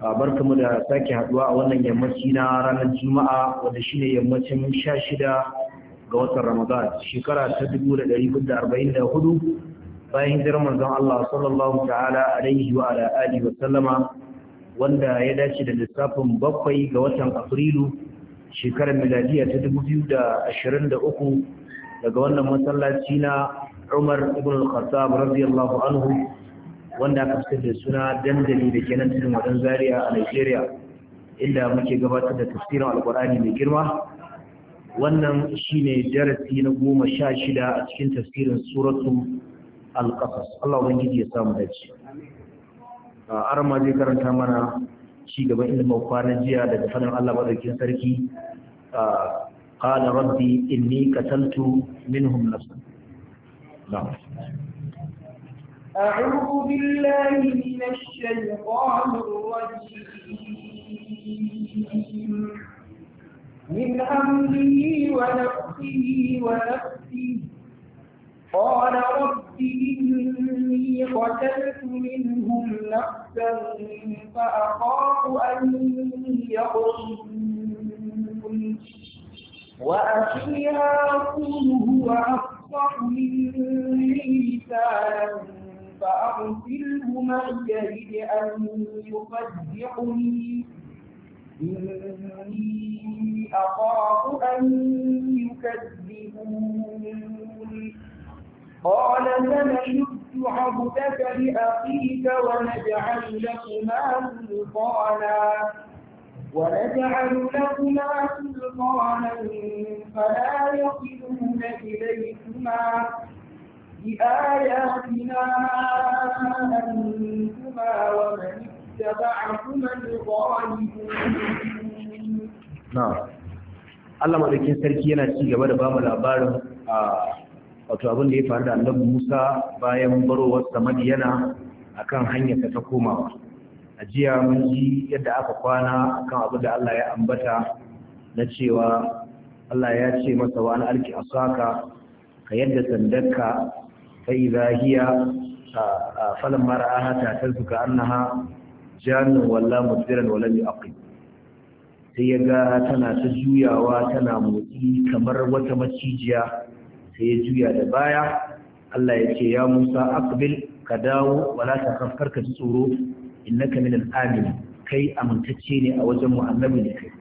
barkamu da sake haduwa a wannan yammaci na ranar juma'a wanda shine yammacin shida ga watan ramadan shekara ta 1444 bayan hijirar manzon Allah sallallahu ta'ala alaihi wa ala alihi wa sallama wanda ya dace da lissafin bakwai ga watan afrilu shekarar miladiya ta 2023 daga wannan masallaci na Umar ibn al-Khattab radiyallahu anhu wanda aka fitar da suna dandali da kenan cikin wajen zaria a Nigeria inda muke gabatar da tafsirin alkur'ani mai girma wannan shine darasi na goma sha shida a cikin tafsirin suratu al Allah ubangiji ya samu dace Arama zai karanta mana ci gaban ilimin kwana jiya daga fadin Allah madaukakin sarki قال ربي إني قتلت منهم نفسا نعم أعوذ بالله من الشيطان الرجيم من أمره ونفسه ونفسه قال رب إني قتلت منهم نفسا فأخاف أن يقتلون وأخي هارون هو أفصح مني لسانا فأرسله معي لأن أن يصدقني إني أخاف أن يكذبون قال سنشد عبدك لأخيك ونجعل لكما سلطانا ونجعل لكما سلطانا فلا يصلون إليكما بآياتنا أنتما ومن اتبعكما الغالبون نعم Allah madaukin sarki yana ci gaba da bamu labarin a wato abin da ya faru da Annabi Musa bayan barowar sa Madiyana akan hanyar ta komawa. A jiya mun ji yadda aka kwana akan abin da Allah ya ambata na cewa Allah ya ce masa wa an alki asaka ka yadda sandarka فإذا هي فلما رآها تعتز كأنها جان ولا مدبرا ولم يعقب sai ya ga tana ta juyawa tana motsi kamar wata macijiya sai ya juya da baya Allah ya ce ya Musa aqbil ka dawo wala ta kafkar ka ji tsoro innaka minal amin kai amintacce ne a wajen mu annabi ne kai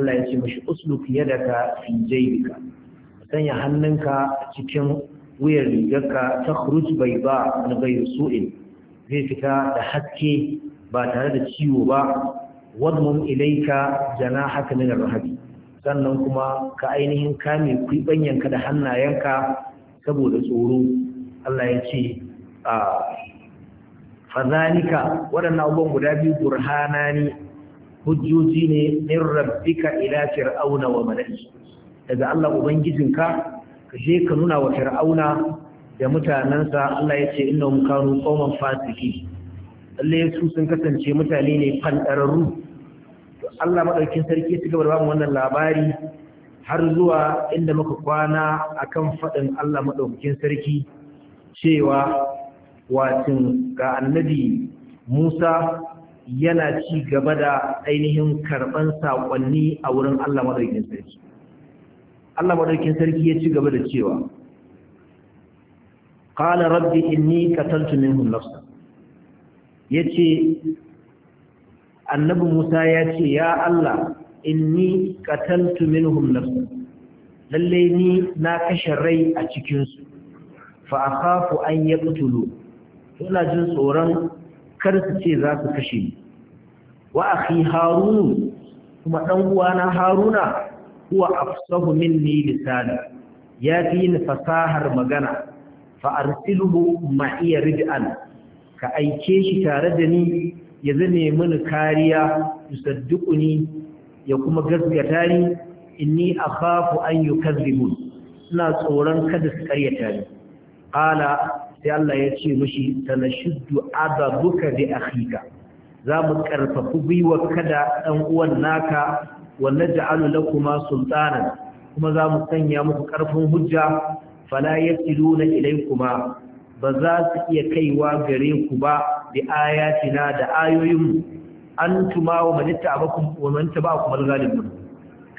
Allah ya ce mashi usluk yadaka fi jaybika sanya hannunka cikin wuyar rigarka ta khuruj bai ba na bai su'in zai fita da haske ba tare da ciwo ba wadmum ilaika jana min ar-rahbi sannan kuma ka ainihin kame kuibanyanka da hannayenka saboda tsoro Allah ya ce a fadhalika waɗannan abubuwan guda biyu burhanani hujjoji ne min rabbika ila fir'auna wa mala'i daga Allah ubangijinka je ka nuna wa fir'auna da mutanensa Allah ya ce inna hum kanu qauman fasiki lalle su sun kasance mutane ne fandararru to Allah madaukin sarki ya cigaba da bamu wannan labari har zuwa inda muka kwana akan fadin Allah madaukin sarki cewa watin ga annabi Musa yana ci gaba da ainihin karban sakonni a wurin Allah madaukin sarki Allah madaukin sarki ya ci gaba da cewa qala rabbi inni qataltu minhum nafsan yace annabi Musa ya ce ya Allah inni qataltu minhum nafsan lalle ni na kashe rai a cikin su fa akhafu an yaqtulu ina jin tsoron kar su ce za su kashe ni wa akhi harun kuma dan uwana haruna huwa afsahu minni lisani ya fi yin fasahar magana fa arsiluhu rid'an ka aike shi tare da ni ya zame mini kariya yusaddiquni ya kuma gaskata ni inni akhafu an yukazzibun ina tsoron kada su karyata ni qala sai Allah ya ce mishi tanashuddu adabuka bi akhika za mu karfafi gwiwar kada ɗan uwan naka wannan ja'alu kuma sultana kuma za mu sanya muku ƙarfin hujja fala yasiluna ilaykuma ba za su iya kaiwa gare ku ba bi ayatina da ayoyin antuma wa man tabakum wa man tabakum al-ghalibun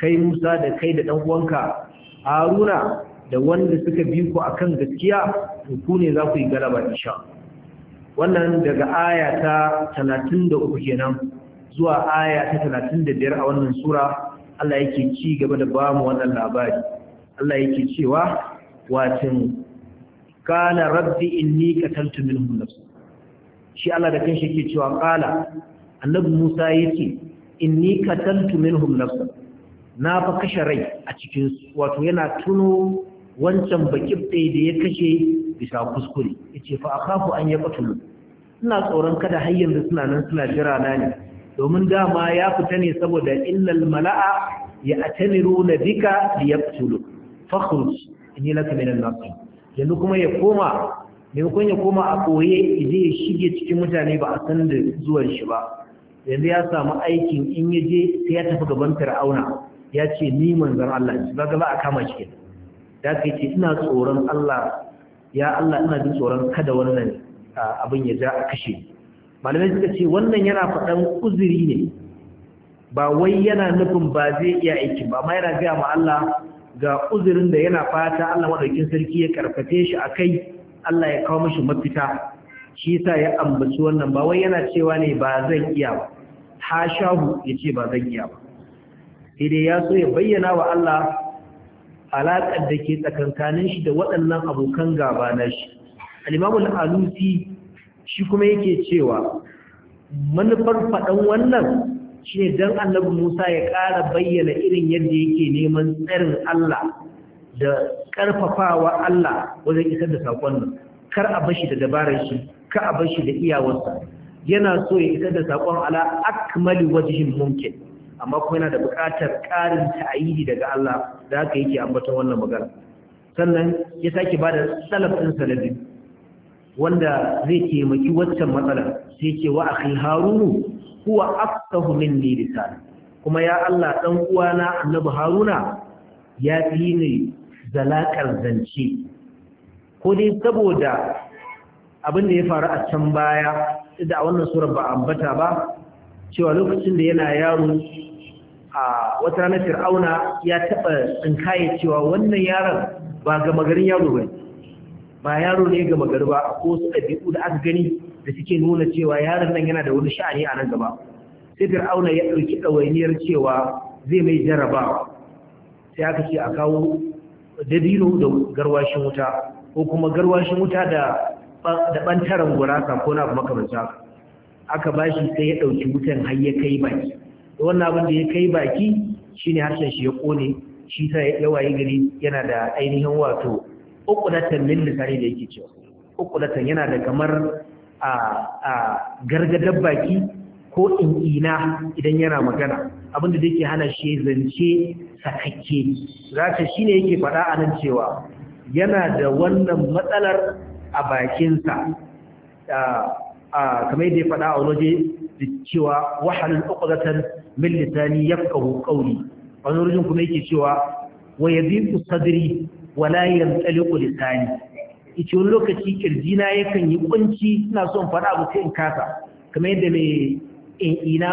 kai Musa da kai da dan uwanka Haruna da wanda suka bi ku akan gaskiya to ku ne za ku yi galaba insha Allah wannan daga aya ta 33 kenan zuwa aya ta talatin da biyar a wannan sura Allah yake ci gaba da ba mu wannan labari Allah yake cewa watin kana rabbi inni qataltu minhum nafsi shi Allah da kanshi yake cewa kala annabi Musa yake inni qataltu minhum nafsi na fa kashe rai a cikin wato yana tuno wancan bakibde da ya kashe bisa kuskure yace fa akhafu an yaqtulu ina tsoron kada har yanzu suna nan suna jira na ne domin dama ya fita ne saboda illal mala'a ya atamiru na dika da ya fitulu fakhruj inni laka min an yanzu kuma ya koma kun ya koma a koye idan ya shige cikin mutane ba a san da zuwan shi ba yanzu ya samu aikin in ya je sai ya tafi gaban fir'auna ya ce ni manzon Allah shi ba ga ba a kama shi da kai ce ina tsoron Allah ya Allah ina jin tsoron kada wannan abin ya ja a kashe malamai suka ce wannan yana faɗan uzuri ne ba wai yana nufin ba zai iya aiki ba ma yana gaya ma Allah ga uzurin da yana fata Allah madaukin sarki ya karfafe shi akai Allah ya kawo mishi mafita shi yasa ya ambaci wannan ba wai yana cewa ne ba zan iya ba ya yace ba zan iya ba sai ya so ya bayyana wa Allah alaƙar da ke tsakankanin shi da waɗannan abokan gaba na shi al-Imam al-Alusi shi kuma yake cewa manufar faɗan wannan shi ne don annabi musa ya ƙara bayyana irin yadda yake neman tsarin allah da ƙarfafawa allah wajen isar da saƙon nan kar a bashi da dabarar shi ka a bashi da iyawarsa yana so ya isar da saƙon ala akmali wajihin mumkin amma kuma yana da buƙatar ƙarin ta'ayidi daga Allah da haka yake ambata wannan magana sannan ya sake ba da salaf ɗin sanadin. wanda zai taimaki waccan matsalar sai ce wa akhi harunu huwa afqahu minni lisan kuma ya Allah dan uwana annabi haruna ya fi ni zalakar zance ko dai saboda abin da ya faru a can baya da a wannan surar ba ambata ba cewa lokacin da yana yaro a wata ranar fir'auna ya taɓa tsinkaye cewa wannan yaron ba gama garin yaro bane ba yaro ne gama gari ba a ko su ɗabi'u da aka gani da suke nuna cewa yaron nan yana da wani sha'ani a nan gaba sai fir'auna ya ɗauki ɗawainiyar cewa zai mai jarabawa sai aka ce a kawo dabino da garwashin wuta ko kuma garwashin wuta da da ɓantaren gurasa ko na makamanta aka bashi sai ya ɗauki wutan har ya kai baki wannan abin da ya kai baki shine harshen shi ya ƙone shi sa ya gari yana da ainihin wato uqdatan min lisani da yake cewa ukulatan yana da kamar a a gargadar baki ko in'ina idan yana magana abin da yake hana shi zance sakakke zaka shine yake faɗa anan cewa yana da wannan matsalar a bakinsa kamar yadda ya faɗa a waje cewa wahalin uqdatan min lisani yafqahu qawli wani wurin kuma yake cewa wa yadhiqu sadri wala yantaliqu lisani ice wani lokaci kirjina yakan yi kunci ina son faɗa abu sai in kasa kamar yadda mai in eh, ina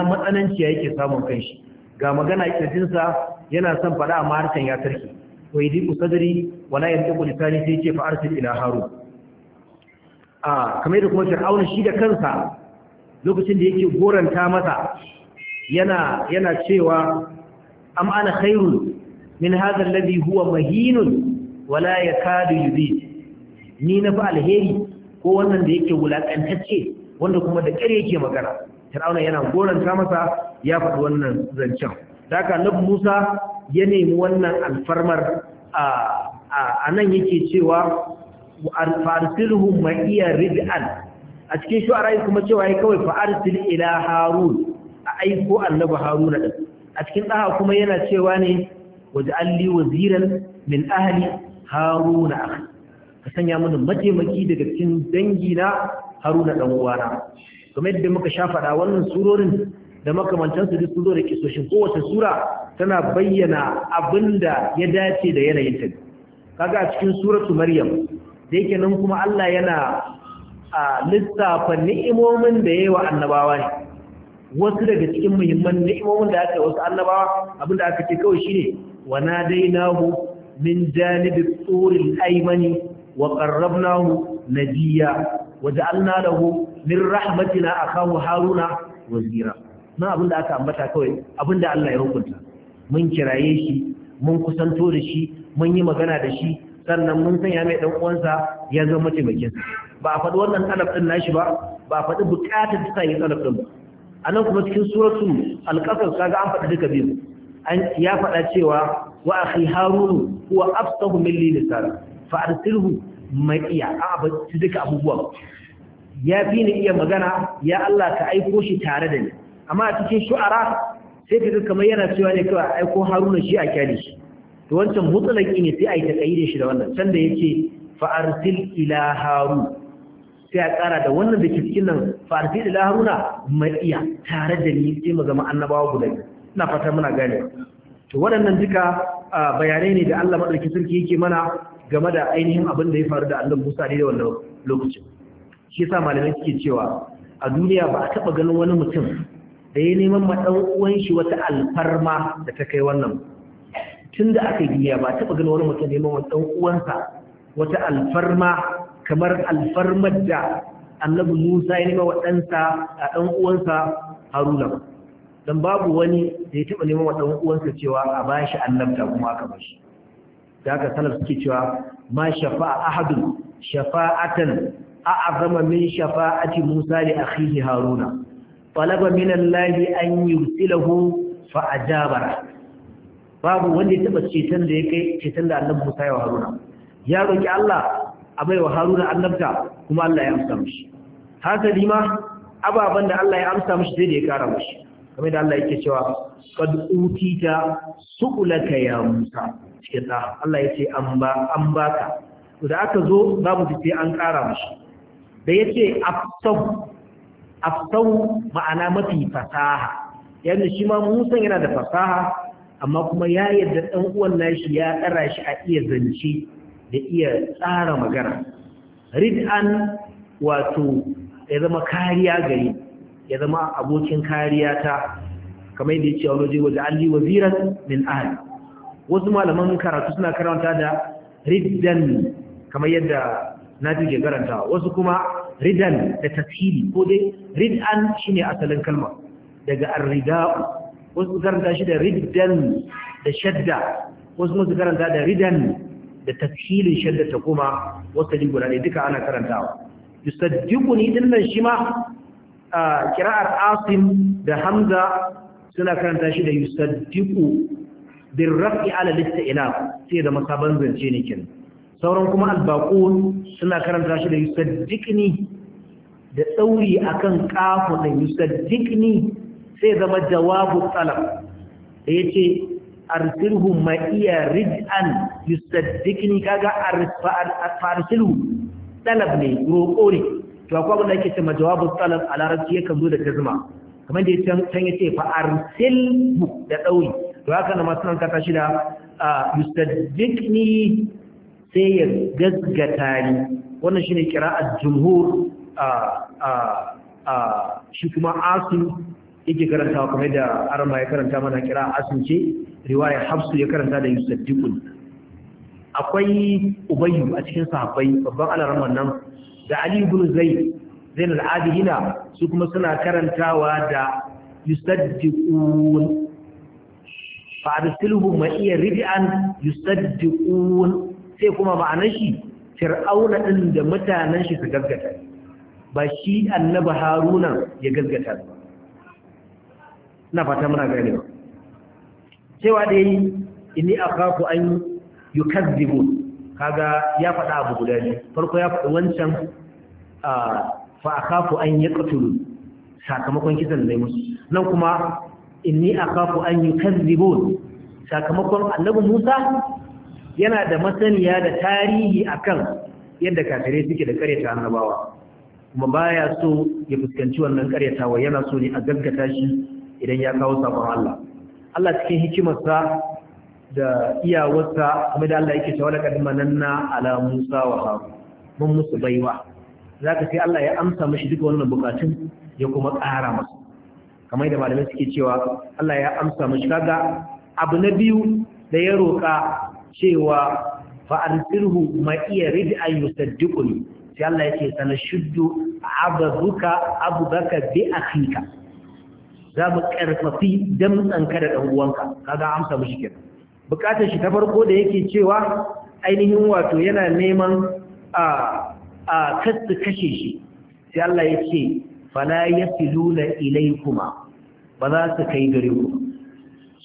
ya yake samun kanshi ga magana kirjinsa yana son faɗa amma harkan ya tarki Wai yi diku sadari wala yantiqu lisani sai ce fa arsil ila haru a kamar yadda kuma fir'aun shi da kansa lokacin da yake goranta masa yana yana cewa am ana khairun min hadha alladhi huwa mahinun wala ya yakadu yubi ni na fa alheri ko wannan da yake wulakantacce wanda kuma da kare yake magana Fir'auna yana goranta masa ya faɗi wannan zancen daga Annabi Musa ya nemi wannan alfarmar a nan yake cewa farsilhum ma iya rid'an a cikin shu'ara kuma cewa ya kawai fa'arsil ila harun a aiko annabi haruna din a cikin ɗaha kuma yana cewa ne waje alli waziran min ahali haruna akhi ka sanya mana mataimaki daga cikin dangi na haruna dan uwana kuma yadda muka sha faɗa wannan surorin da makamantansu duk sun ke da shin kowace sura tana bayyana abinda ya dace da yanayin ta kaga a cikin suratu maryam da yake nan kuma Allah yana a lissafa ni'imomin da yayi wa annabawa ne wasu daga cikin muhimman ni'imomin da aka yi wasu annabawa abinda aka ce kawai shine wa nadainahu min janibi tsuril aimani wa qarrabnahu najiya waja'alna lahu min rahmatina akahu haruna wazira na abinda aka ambata kawai abinda Allah ya hukunta mun kiraye shi mun kusanto da shi mun yi magana da shi sannan mun sanya mai dan uwansa ya zama mataimakin ba a faɗi wannan talab din nashi ba ba a faɗi bukatar ta yi talab din ba anan kuma cikin suratul alqasas kaga an faɗi duka biyu an ya faɗa cewa wa akhi harun huwa afsahu minni lisana fa arsilhu maqiya a ba duka abubuwa ya fi ni iya magana ya Allah ka aiko shi tare da ni amma a cikin shu'ara sai ka kamar yana cewa ne kawai aiko haruna shi a kyale shi to wancan mutsalaki ne sai a yi taƙayi da shi da wannan can da ya ce fa'arsil ila sai a ƙara da wannan da ke cikin nan fa'arsil ila haruna ma'iya tare da ni sai mu zama annabawa guda ina fatan muna gane to waɗannan duka bayanai ne da Allah madaukakin sarki yake mana game da ainihin abin da ya faru da Allah Musa ne da wannan lokacin shi yasa malamai suke cewa a duniya ba a taɓa ganin wani mutum da ya neman maɗan uwan shi wata alfarma da ta kai wannan Tunda aka yi duniya ba a taɓa ganin wani mutum neman maɗan uwansa wata alfarma kamar alfarmar da Allah musa ya nema waɗansa a ɗan uwansa haruna don babu wani da ya taɓa neman waɗannan uwansa cewa a bashi shi annabta kuma aka ba da aka sanar suke cewa ma shafa'a ahadun shafa'atan a'azama min shafa'ati Musa li akhihi Haruna talaba min Allah an yursilahu fa ajabara babu wanda ya taɓa ceton da ya kai ceton da annabi Musa ya Haruna ya roki Allah a bai wa Haruna annabta kuma Allah ya amsa mishi hasali ma ababan da Allah ya amsa mishi sai da ya kara mishi kamar da Allah yake cewa qad utita su'ulaka ya Musa cikin da Allah yace an an baka to da aka zo za mu ji an ƙara mashi da yace ce aftau ma'ana mafi fasaha yana shi ma Musa yana da fasaha amma kuma ya yadda ɗan uwan nashi ya tsara shi a iya zance da iya tsara magana rid'an wato ya zama kariya gari ya zama abokin kariya ta kamar yadda yake waje waje alli waziran min ahli wasu malaman karatu suna karanta da riddan kamar yadda na ke karanta wasu kuma ridan da tashili ko dai ridan shine asalin kalma daga ar-rida'u wasu karanta shi da riddan da shadda wasu masu karanta da ridan da tashilin shadda ta kuma wasu jin guda ne duka ana karantawa yusaddiquni dinnan shi ma kira'ar asim da hamza suna karanta shi da yusaddiqu bin raf'i ala ila sai da masaban zance ne kin sauran kuma albaqun suna karanta shi da yusaddiqni da tsauri akan kafu da yusaddiqni sai zama jawabu talab yace arsilhu ma iya rid'an yusaddiqni kaga al-farsilu talab ne roƙo ne to akwai abin da yake cewa jawabu talab a larabci yakan zo da jazma kamar da ya can ya ce fa da dauri to haka na masu nan kata shida a yustaddiqni sai ya gazgata ni wannan shine qira'at jumhur a a a shi kuma Asu yake karantawa kamar da arama ya karanta mana kira asim ce riwaya hafsu ya karanta da yustaddiqun akwai ubayyu a cikin sahabbai babban alaran wannan da Ali ibn Zayd al Abidina su kuma suna karantawa da yusaddiqun fa arsilhu ma iya rid'an yusaddiqun sai kuma ma'anar shi fir'auna din da mutanen shi su gaggata ba shi annabi Haruna ya gaggata na ina fata muna ba cewa dai inni akhafu an yukazzibun kaga ya faɗa abu guda ne farko ya faɗi wancan fa akhafu an yaqtulu sakamakon kisan da musu nan kuma inni akhafu an yukazzibun sakamakon annabi Musa yana da masaniya da tarihi akan yadda kafirai suke da karyata annabawa kuma baya so ya fuskanci wannan karyatawa yana so ne a gaggata shi idan ya kawo sabon Allah Allah cikin hikimarsa da iyawarsa kuma da Allah yake cewa da kadimanan na ala Musa wa Harun mun musu baiwa zaka sai Allah ya amsa mishi duka wannan bukatun ya kuma ƙara masa kamar da malamai suke cewa Allah ya amsa mishi kaga abu na biyu da ya roƙa cewa fa arsilhu ma iya ridi an yusaddiquni sai Allah yake sana shuddu abaduka abudaka bi akhika za mu karfafi damtsanka da ɗan uwanka kaga amsa mishi kenan bukatar shi ta farko da yake cewa ainihin wato yana neman a kashe shi sai Allah ya ce ya fi luna ilai kuma ba za su kai gare ku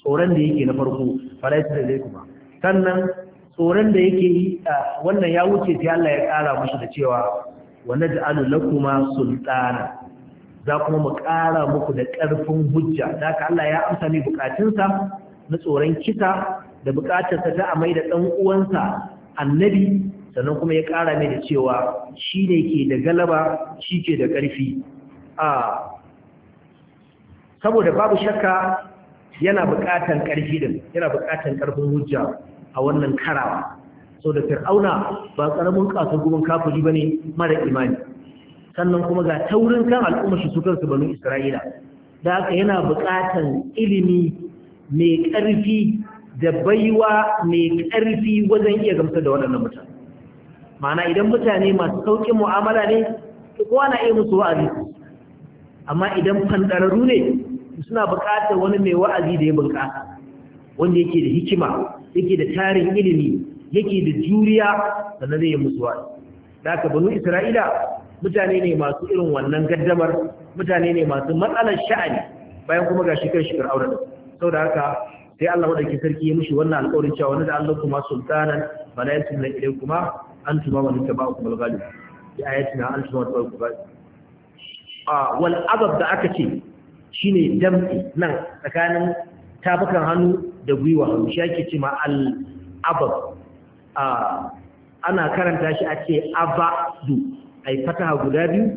tsoron da yake na farko luna ilai kuma. sannan tsoron da yake yi wannan ya wuce sai Allah ya kara mashi da cewa wa naj'alu kuma sultana za kuma mu kara muku da ƙarfin hujja da Allah ya amsa ni bukatunsa na tsoron kisa da bukatarsa ta mai da ɗan uwansa annabi sannan kuma ya ƙara mai da cewa shi ne ke da galaba shi ke da ƙarfi a saboda babu shakka yana buƙatar ƙarfi din yana buƙatar ƙarfin hujja a wannan karawa sau da fir'auna ba ƙaramin ƙasar kafuri ba ne mara imani sannan kuma ga taurin kan al'ummar shi su kansu banu isra'ila da aka yana buƙatar ilimi mai ƙarfi da baiwa mai ƙarfi wajen iya gamsar da waɗannan mutane ma'ana idan mutane masu sauƙin mu'amala ne kowa na iya musu wa'azi amma idan fandararru ne suna buƙatar wani mai wa'azi da ya bunƙasa wanda yake da hikima yake da tarin ilimi yake da juriya sannan zai yi musu wa'azi da aka banu isra'ila mutane ne masu irin wannan gaddamar mutane ne masu matsalar sha'ani bayan kuma ga shi kan auren sau da haka sai Allah wanda ke sarki ya mishi wannan alƙawarin cewa wani da Allah kuma sultanan bala ya tunna ilai kuma an tuma wani ta ba'a kuma galibu ya ayatina an tuma wani ku ba'a a wal adab da aka ce shine damti nan tsakanin tabukan hannu da gwiwa hannu shi ake ce ma al adab a ana karanta shi a ce abadu ai fataha guda biyu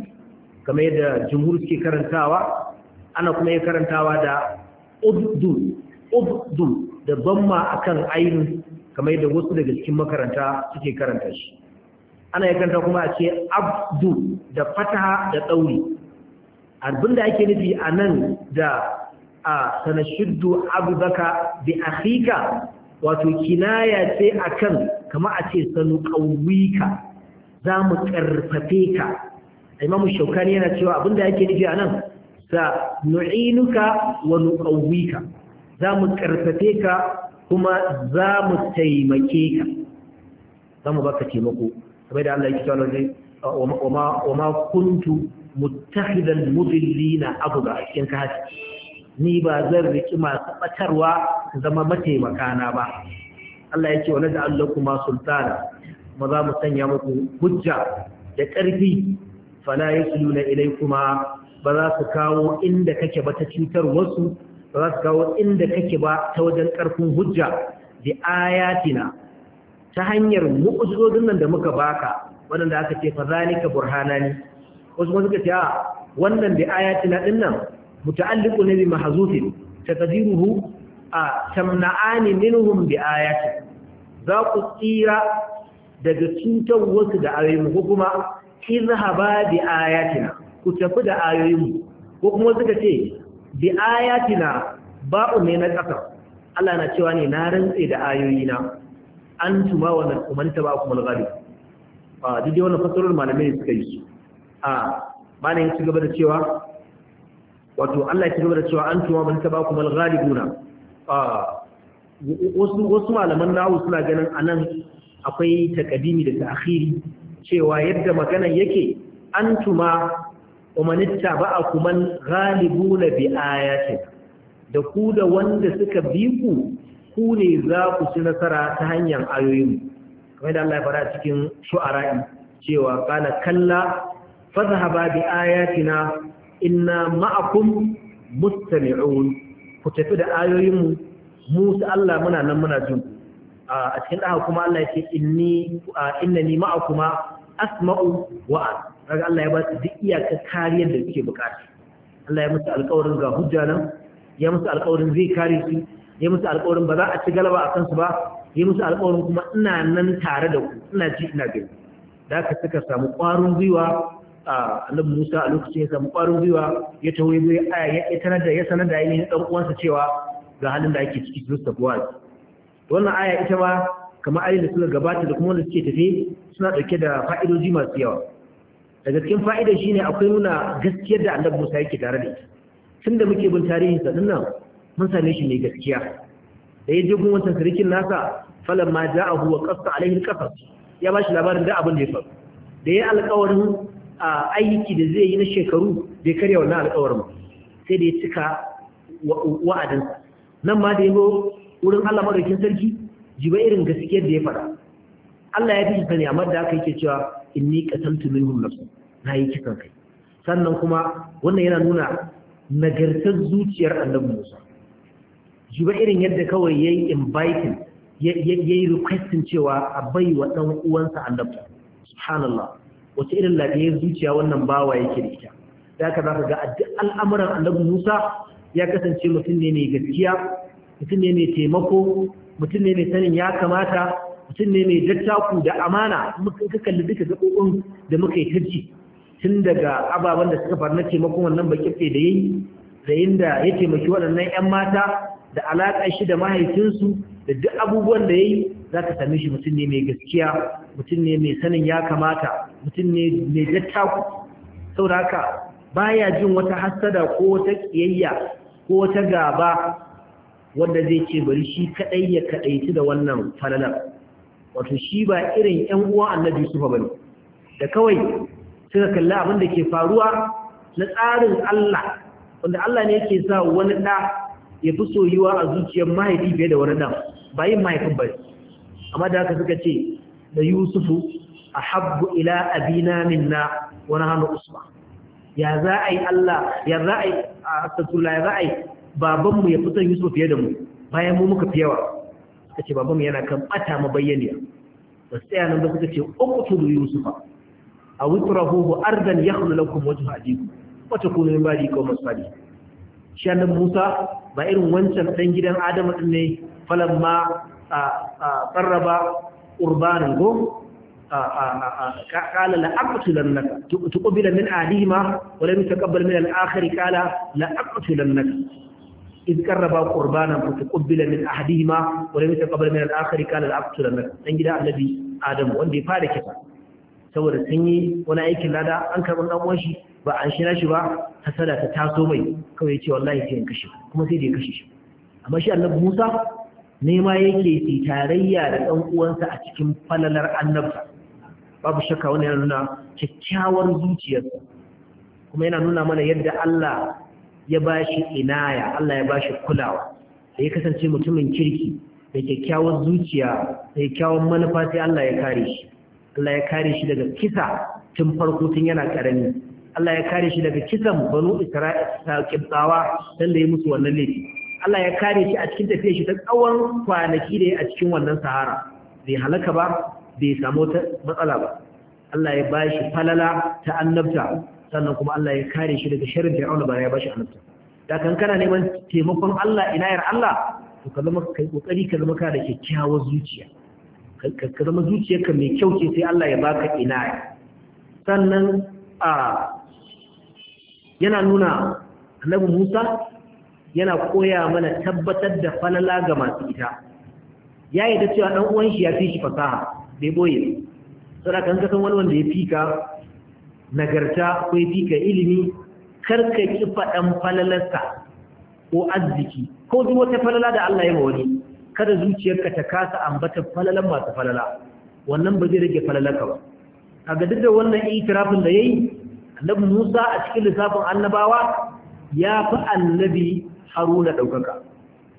kamar yadda jumhur suke karantawa ana kuma yi karantawa da uddu ubdu da bamma akan ainu kamar da wasu daga cikin makaranta suke karanta shi ana ya karanta kuma a ce abdu da fataha da ɗauri abinda ake nufi anan da a sanashiddu abubaka bi akhika wato kinaya ce akan kama a ce sanu ƙauwika za mu ƙarfafe ka imamu shaukani yana cewa abinda ake nufi anan, sa nu'inuka wa nuƙauwika za mu ƙarfafe ka kuma za mu taimake ka za mu baka taimako kamar da Allah ya kitawa ne wa ma kuntu muttakhidan mudillina abuga a cikin kahati ni ba zan riki masu batarwa zama mataimaka na ba Allah ya ce wa Allah kuma sultana kuma za mu sanya muku hujja da ƙarfi fala yasluna ilaykuma ba za su kawo inda kake ba ta cutar wasu ba za su kawo inda kake ba ta wajen ƙarfin hujja da ayatina ta hanyar mu'ujizozin nan da muka baka waɗanda aka ce fa burhanani wasu kuma suka ce a wannan da ayatina din nan muta'alliqu ne bi mahzufin taqdiruhu a tamna'ani minhum bi ayati za ku tsira daga cutar wasu da ayoyin ko kuma izhaba bi ayatina ku tafi da ayoyin ko kuma suka ce bi ayatina ba'u ne na ƙasa Allah na cewa ne na rantse da ayoyina an tuma wannan umarta ba kuma lagari a duk wannan fasarar malamai suka yi a malamin ci gaba da cewa wato Allah ya ci gaba da cewa an tuma ta ba kuma lagari guna a wasu malaman nawo suna ganin anan akwai takadimi da ta'khiri cewa yadda maganan yake an tuma umanitta ba a kuman galibu na bi ayatin da ku da wanda suka bi ku ku ne za ku ci nasara ta hanyar ayoyin kamar da Allah ya fara cikin shu'ara'i cewa kana kalla fadhhaba bi ayatina inna ma'akum mustami'un ku tafi da ayoyin mu mu Allah muna nan muna jin a cikin d'a kuma Allah ya ce inni innani asma'u wa kaga Allah ya ba su duk iyakar kariyar da suke bukata Allah ya musu alƙawarin ga hujja nan ya musu alƙawarin zai kare su ya musu alƙawarin ba za a ci galaba a kansu ba ya musu alƙawarin kuma ina nan tare da ku ina ji ina gani da ka suka samu ƙwarin gwiwa a annabi Musa a lokacin ya samu ƙwarin gwiwa ya tawo ya ya da ya sanar da ainihin dan uwansa cewa ga halin da ake ciki Yusuf wannan aya ita ba. kamar ayin da suka gabata da kuma wanda suke tafe suna ɗauke da fa'idoji masu yawa daga cikin fa'idar shine akwai nuna gaskiyar da annabi Musa yake tare da ita tun da muke bin tarihin sa nan, mun same shi mai gaskiya da je gun wancan sarkin nasa falamma ja'ahu wa qasta alaihi alqasas ya bashi labarin da abin da ya faru da ya alƙawarin aiki da zai yi na shekaru ya karya wannan alƙawarin sai da ya cika wa'adinsa nan ma da yazo wurin Allah madaukakin sarki jiba irin gaskiyar da ya faɗa Allah ya fi shi sani amma da aka yake cewa inni qataltu minhum nafsan na yi kisan kai sannan kuma wannan yana nuna nagartar zuciyar annabi Musa jiba irin yadda kawai yayi inviting yayi requesting cewa a bai wa dan uwansa annabi subhanallah wace irin lafiyar zuciya wannan bawa yake da ita da aka zaka ga duk al'amuran annabi Musa ya kasance mutum ne mai gaskiya mutum ne mai taimako mutum ne mai sanin ya kamata mutum ne mai dattaku da amana muka ka kalli duka gaɓoɓin da muka yi tarji tun daga ababen da suka faru na taimakon wannan bakirfe da yayi da inda ya taimaki waɗannan 'yan mata da alaƙa shi da mahaifinsu da duk abubuwan da yayi yi za ka same shi mutum ne mai gaskiya mutum ne mai sanin ya kamata mutum ne mai dattaku saboda haka baya jin wata hassada ko wata ƙiyayya ko wata gaba wanda zai ce bari shi kadai ya kadaici da wannan falalar wato shi ba irin yan uwan annabi Yusufa ne da kawai suka kalli abin da ke faruwa na tsarin Allah wanda Allah ne yake sa wani ɗa ya fi soyuwa a zuciyar mahaifi fiye da wani ɗan ba yin mahaifin ba amma da haka suka ce da yusufu a habbu ila abina minna wani hannu usma ya za a yi Allah ya za a yi a ya za a babanmu ya fi son yusuf fiye da mu bayan mu muka fi yawa suka ce babanmu yana kan bata mabayyaniya ba su tsaya nan ba suka ce uqtulu yusufa aw itrahuhu ardan yakhlu lakum wajhu abikum wa takunu min ba'di qawmin salihin shi annabi Musa ba irin wancan dan gidan Adamu din ne falamma qarraba qurbanan go قال لأقتلنك تقبل من أهلهما ولم يتقبل من الآخر قال لأقتلنك إذ قربا قربانا فتقبل من أحدهما ولم يتقبل من الآخر كان العقد لنا dan gida annabi Adamu, wanda ya fara kisa saboda sanyi wani aikin lada an karɓi dan uwan shi ba an shira shi ba hasada ta taso mai kawai ce wallahi sai in kashe kuma sai da ya kashe shi amma shi annabi Musa nema yake yi tarayya da dan uwansa a cikin falalar annabta babu shakka wannan yana nuna kyakkyawar zuciyarsa kuma yana nuna mana yadda Allah ya ba shi inaya Allah ya ba shi kulawa ya kasance mutumin kirki da kyakkyawar zuciya da kyakkyawar manufa sai Allah ya kare shi Allah ya kare shi daga kisa tun farko tun yana karami Allah ya kare shi daga kisan banu Isra'ila kibtawa dan da ya musu wannan laifi Allah ya kare shi a cikin tafiyar shi ta tsawon kwanaki da ya a cikin wannan sahara bai halaka ba bai samu matsala ba Allah ya ba shi falala ta annabta sannan kuma Allah ya kare shi daga sharrin fir'auna ba ya bashi annabta da kan kana neman taimakon Allah ina 'yar Allah to ka zama kai kokari ka zama ka da kyakkyawar zuciya ka zama zuciyarka mai kyau ce sai Allah ya baka inaya sannan a yana nuna annabi Musa yana koya mana tabbatar da falala ga masu ita ya yi da cewa dan uwan shi ya fi shi fasaha bai boye sai kan kasan wani wanda ya fika nagarta akwai ka ilimi karka ki faɗan falalarsa ko arziki ko duk wata falala da Allah ya wani kada zuciyarka ta kasa ambata falalan masu falala wannan ba zai rage falalarka ba kaga duk da wannan itirafin da yayi annabi Musa a cikin lissafin annabawa ya fi annabi Haruna ɗaukaka.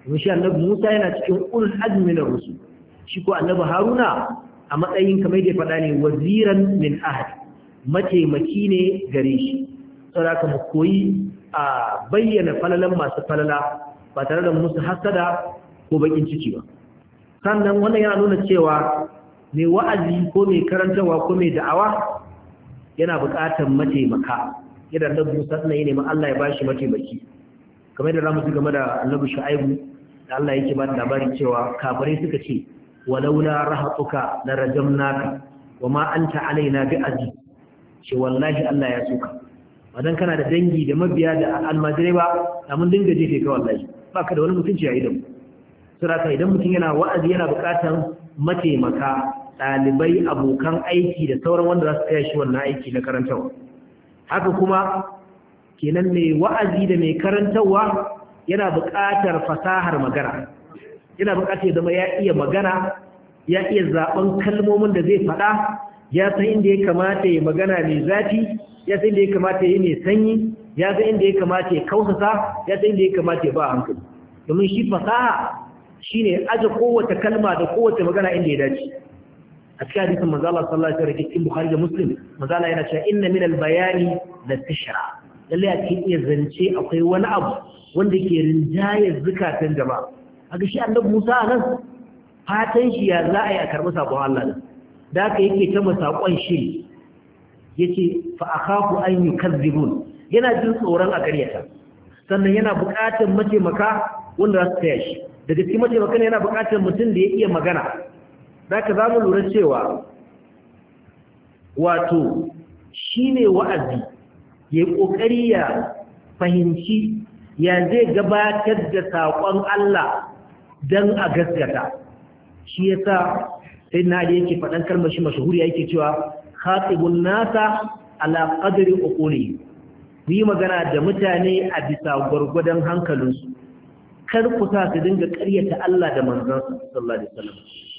kuma shi annabi Musa yana cikin ulul azmi na rusul shi ko annabi Haruna a matsayin kamar da ya faɗa ne waziran min ahli mataimaki ne gare shi ka mu koyi a bayyana falalan masu falala ba tare da musu hasada ko bakin ciki ba sannan wannan yana nuna cewa mai wa'azi ko mai karantarwa ko mai da'awa yana buƙatar mataimaka yadda annabi Musa sannan ya neman Allah ya bashi mataimaki kamar yadda zamu ji game da annabi Shu'aibu da Allah yake ba da labarin cewa kafirai suka ce walaula rahatuka la rajamnaka wama anta alaina bi ce wallahi Allah ya suka Wadan kana da dangi da mabiya da almajirai ba da dinga jefe ka wallahi ba ka da wani mutunci a idan saboda idan mutum yana wa'azi yana buƙatar mataimaka ɗalibai abokan aiki da sauran wanda za su kai shi wannan aiki na karantarwa haka kuma kenan mai wa'azi da mai karantarwa yana bukatar fasahar magana yana buƙatar zama ya iya magana ya iya zaɓen kalmomin da zai faɗa ya san inda ya kamata ya magana mai zafi ya san inda ya kamata ya mai sanyi ya san inda ya kamata ya kausasa ya san inda ya kamata ya ba hankali domin shi fasaha shine aje kowace kalma da kowace magana inda ya dace a cikin hadisin manzo Allah sallallahu alaihi wasallam Bukhari da Muslim manzo Allah yana cewa inna min al-bayani la tishra lalle a cikin iya zance akwai wani abu wanda ke rinjaye zukatan jama'a a ga shi annabi Musa nan fatan shi ya za a yi a karɓi sabon Allah da aka yake ta masakon shi yace fa akhafu an yukazzibun yana jin tsoron a karyata sannan yana buƙatar mataimaka wanda za su taya shi da gaske mataimakan yana buƙatar mutum da ya iya magana da ka za lura cewa wato shi ne wa'azi ya yi ƙoƙari ya fahimci ya zai gabatar da saƙon Allah don a gaskata shi ya sa sai na da yake faɗan kalmar shi mashahuri yake cewa khatibun nasa ala qadri uquli yi magana da mutane a bisa gwargwadon hankalinsu kar ku sa su dinga ƙaryata Allah da manzon sallallahu alaihi wasallam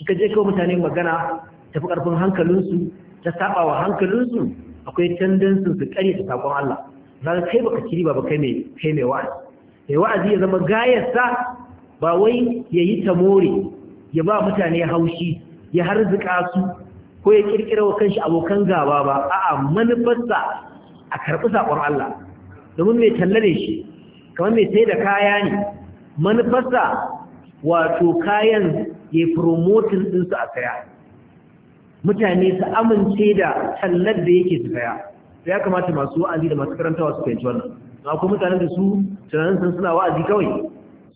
ka je kawo mutane magana tafi ƙarfin hankalinsu ta saba wa hankalinsu akwai tendensin su ƙaryata sakon Allah ka kai baka kiri ba kai mai kai mai wa'azi mai wa'azi ya zama gayarsa ba wai yayi tamore ya ba mutane haushi ya harzuka su ko ya kirkira wa kanshi abokan gaba ba a'a manufarsa a karɓi saƙon Allah domin mai talla ne shi kamar mai sai da kaya ne manufarsa wato kayan ya yi promotin ɗinsu a saya mutane su amince da tallar da yake su saya ya kamata masu wa'azi da masu karantawa su fahimci wannan akwai mutanen da su tunanin sun suna wa'azi kawai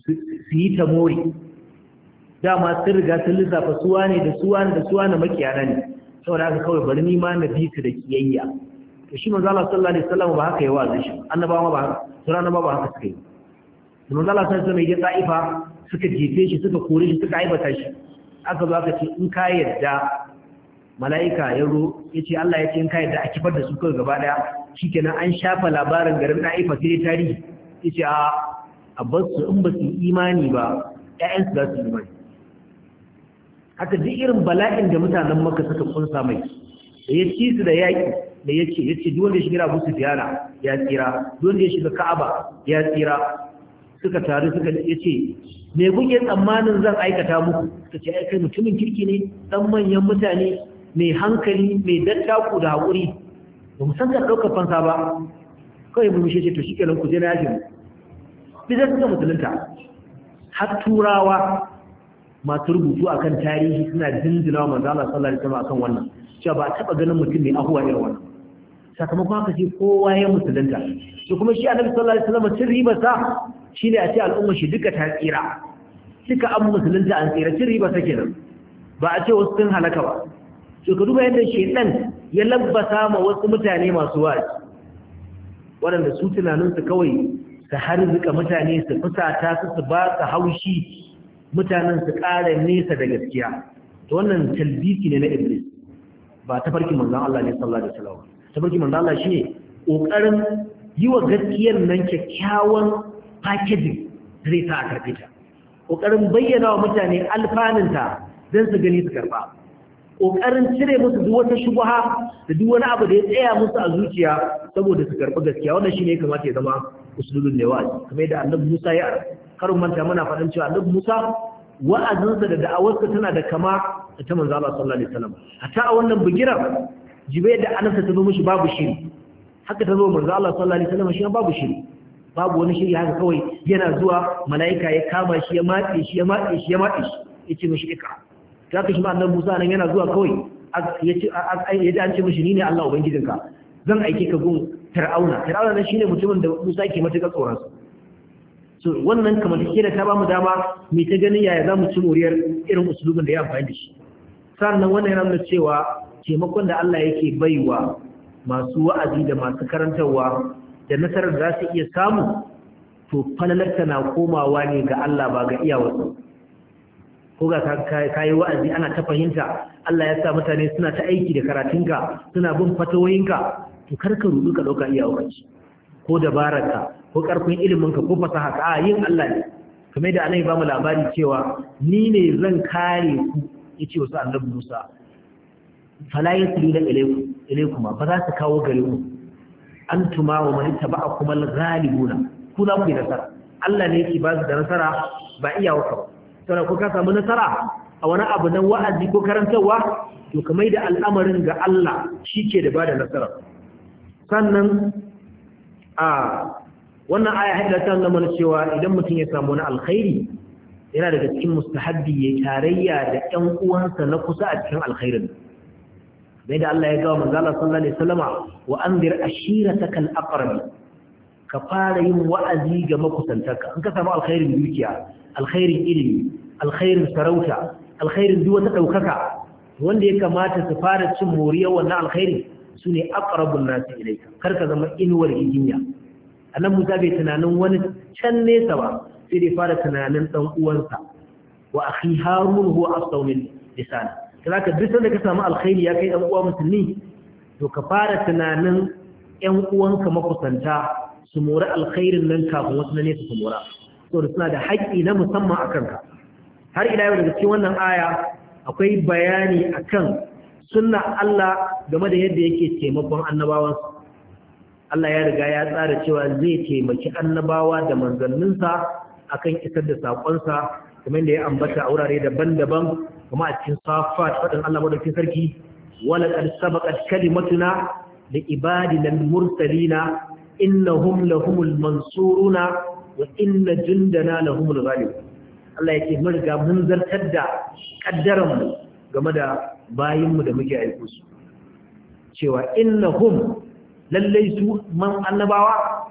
su yi ta mori dama sun riga sun lissafa suwa ne da suwa ne da suwa ne makiyana ne saboda haka kawai bari ni ma na bi su da kiyayya to shi manzo Allah sallallahu alaihi wasallam ba haka ya wazi shi annabawa ma ba haka surana ma ba haka suka yi manzo Allah sallallahu alaihi wasallam ya taifa suka jefe shi suka kore shi suka aibata shi aka zo aka ce in ka yarda mala'ika ya ro ya ce Allah ya ce in ka yarda a kifar da su kawai gaba daya shikenan an shafa labarin garin Na'ifa sai tarihi ya ce a a basu in ba su imani ba ƴaƴansu za su imani haka duk irin bala'in da mutanen maka suka kunsa mai da ya ci su da yaƙi da ya ce ya ce duk wanda ya shiga busu Ziyara ya tsira duk wanda ya shiga ka'aba ya tsira suka taru suka ya ce me kuke tsammanin zan aikata muku suka ce ai kai mutumin kirki ne dan manyan mutane mai hankali mai dattaku da haƙuri ba mu san ka ɗaukar fansa ba kawai mu mishe ce to shi kenan ku je na yaji mu bisa suka musulunta har turawa masu rubutu akan tarihi suna jinjina wa manzo Allah sallallahu alaihi wasallam akan wannan cewa ba taɓa ganin mutum mai ahuwa irin wannan sakamakon haka sai kowa ya musulunta to kuma shi annabi sallallahu alaihi wasallam cin riba sa ne a ce al'umma shi duka ta tsira duka an musulunta an tsira cin riba sa kenan ba a ce wasu sun halaka ba to ka duba yadda shedan ya labbasa ma wasu mutane masu wa'azi waɗanda su tunaninsu kawai su harzuka mutane su fusata su su ba su haushi mutanen su ƙara nesa da gaskiya to wannan talbiki ne na iblis ba ta farki manzon Allah ne sallallahu alaihi wasallam ta farki manzon Allah shine kokarin yi wa gaskiyar nan kyakkyawan packaging zai sa a karbe ta kokarin bayyana wa mutane alfanunta dan su gani su karba ƙoƙarin cire musu duk wata da duk wani abu da ya tsaya musu a zuciya saboda su karɓi gaskiya wannan shine ya kamata ya zama usulul lewat kamar yadda annabi Musa ya karin manta muna faɗin cewa duk musa wa'azinsa da da'awarsa tana da kama da ta manzo Allah sallallahu alaihi wasallam hatta a wannan bugiran jibe da anasa ta zo mishi babu shiri haka ta zo manzo Allah sallallahu alaihi wasallam shi babu shiri babu wani shiri haka kawai yana zuwa malaika ya kama shi ya matse shi ya matse shi ya matse shi yace mishi ika ta kashi ma annabi Musa nan yana zuwa kawai yace yace an ce mishi ni ne Allah ubangijinka zan aike ka gun Fir'auna Fir'auna nan shine mutumin da Musa yake matuƙar tsoron sa so wannan kamar da ta bamu dama mai ta ganin yaya za mu ci moriyar irin usulubin da ya amfani da shi sannan wannan yana nuna cewa taimakon da Allah yake baiwa masu wa'azi da masu karantarwa da nasarar da za su iya samu to falalarta na komawa ne ga Allah ba ga iyawarsa ko ga kayi wa'azi ana ta fahimta Allah ya sa mutane suna ta aiki da karatunka suna bin fatawoyinka to karka rudu ka ɗauka iyawarci ko dabararka ko ƙarfin iliminka ko fasaha ka yin Allah ne kamar da annabi ba mu labari cewa ni ne zan kare ku yace wasu annabi Musa fala yaslu da ilayku ma ba za ta kawo gare ku antuma wa man taba'akum al-ghalibuna ku za ku yi nasara Allah ne yake ba su da nasara ba iyawa ka saboda ko ka samu nasara a wani abu nan wa'azi ko karantarwa to kamar da al'amarin ga Allah shi ke da ba da nasara sannan a wannan aya hadda ta nuna mana cewa idan mutum ya samu wani alkhairi yana daga cikin mustahabbi ya tarayya da ƴan uwansa na kusa a cikin alkhairin bai da Allah ya gawa manzala sallallahu alaihi wasallama wa anzir ashiratakal aqrab ka fara yin wa'azi ga makusantarka in ka samu alkhairin dukiya alkhairin ilimi alkhairin sarauta alkhairin duk wata daukaka wanda ya kamata su fara cin moriyar wannan alkhairin sune aqrabun nasi ilaika kar ka zama inuwar jinya. annan musa bai tunanin wani can nesa ba sai dai fara tunanin ɗan uwansa wa akhi harun a afsaw min lisan kaza duk sanda ka samu alkhairi ya kai ɗan uwa musulmi to ka fara tunanin yan uwanka makusanta su mora alkhairin nan kafin wasu na nesa su mora saboda suna da haƙƙi na musamman a kanka har ila yau daga cikin wannan aya akwai bayani akan sunna Allah game da yadda yake taimakon annabawansa Allah ya riga ya tsara cewa zai taimaki annabawa da manzanninsa akan isar da saƙonsa kamar da ya ambata a wurare daban-daban kuma a cikin ta faɗin Allah maɗaukin sarki wala da sabaqat kalimatuna li na al-mursalina innahum lahumul mansuruna wa inna jundana humul ghalibun Allah yake mun riga mun zartar da ƙaddaran mu game da bayinmu da muke aiko su cewa hum. lallai su man annabawa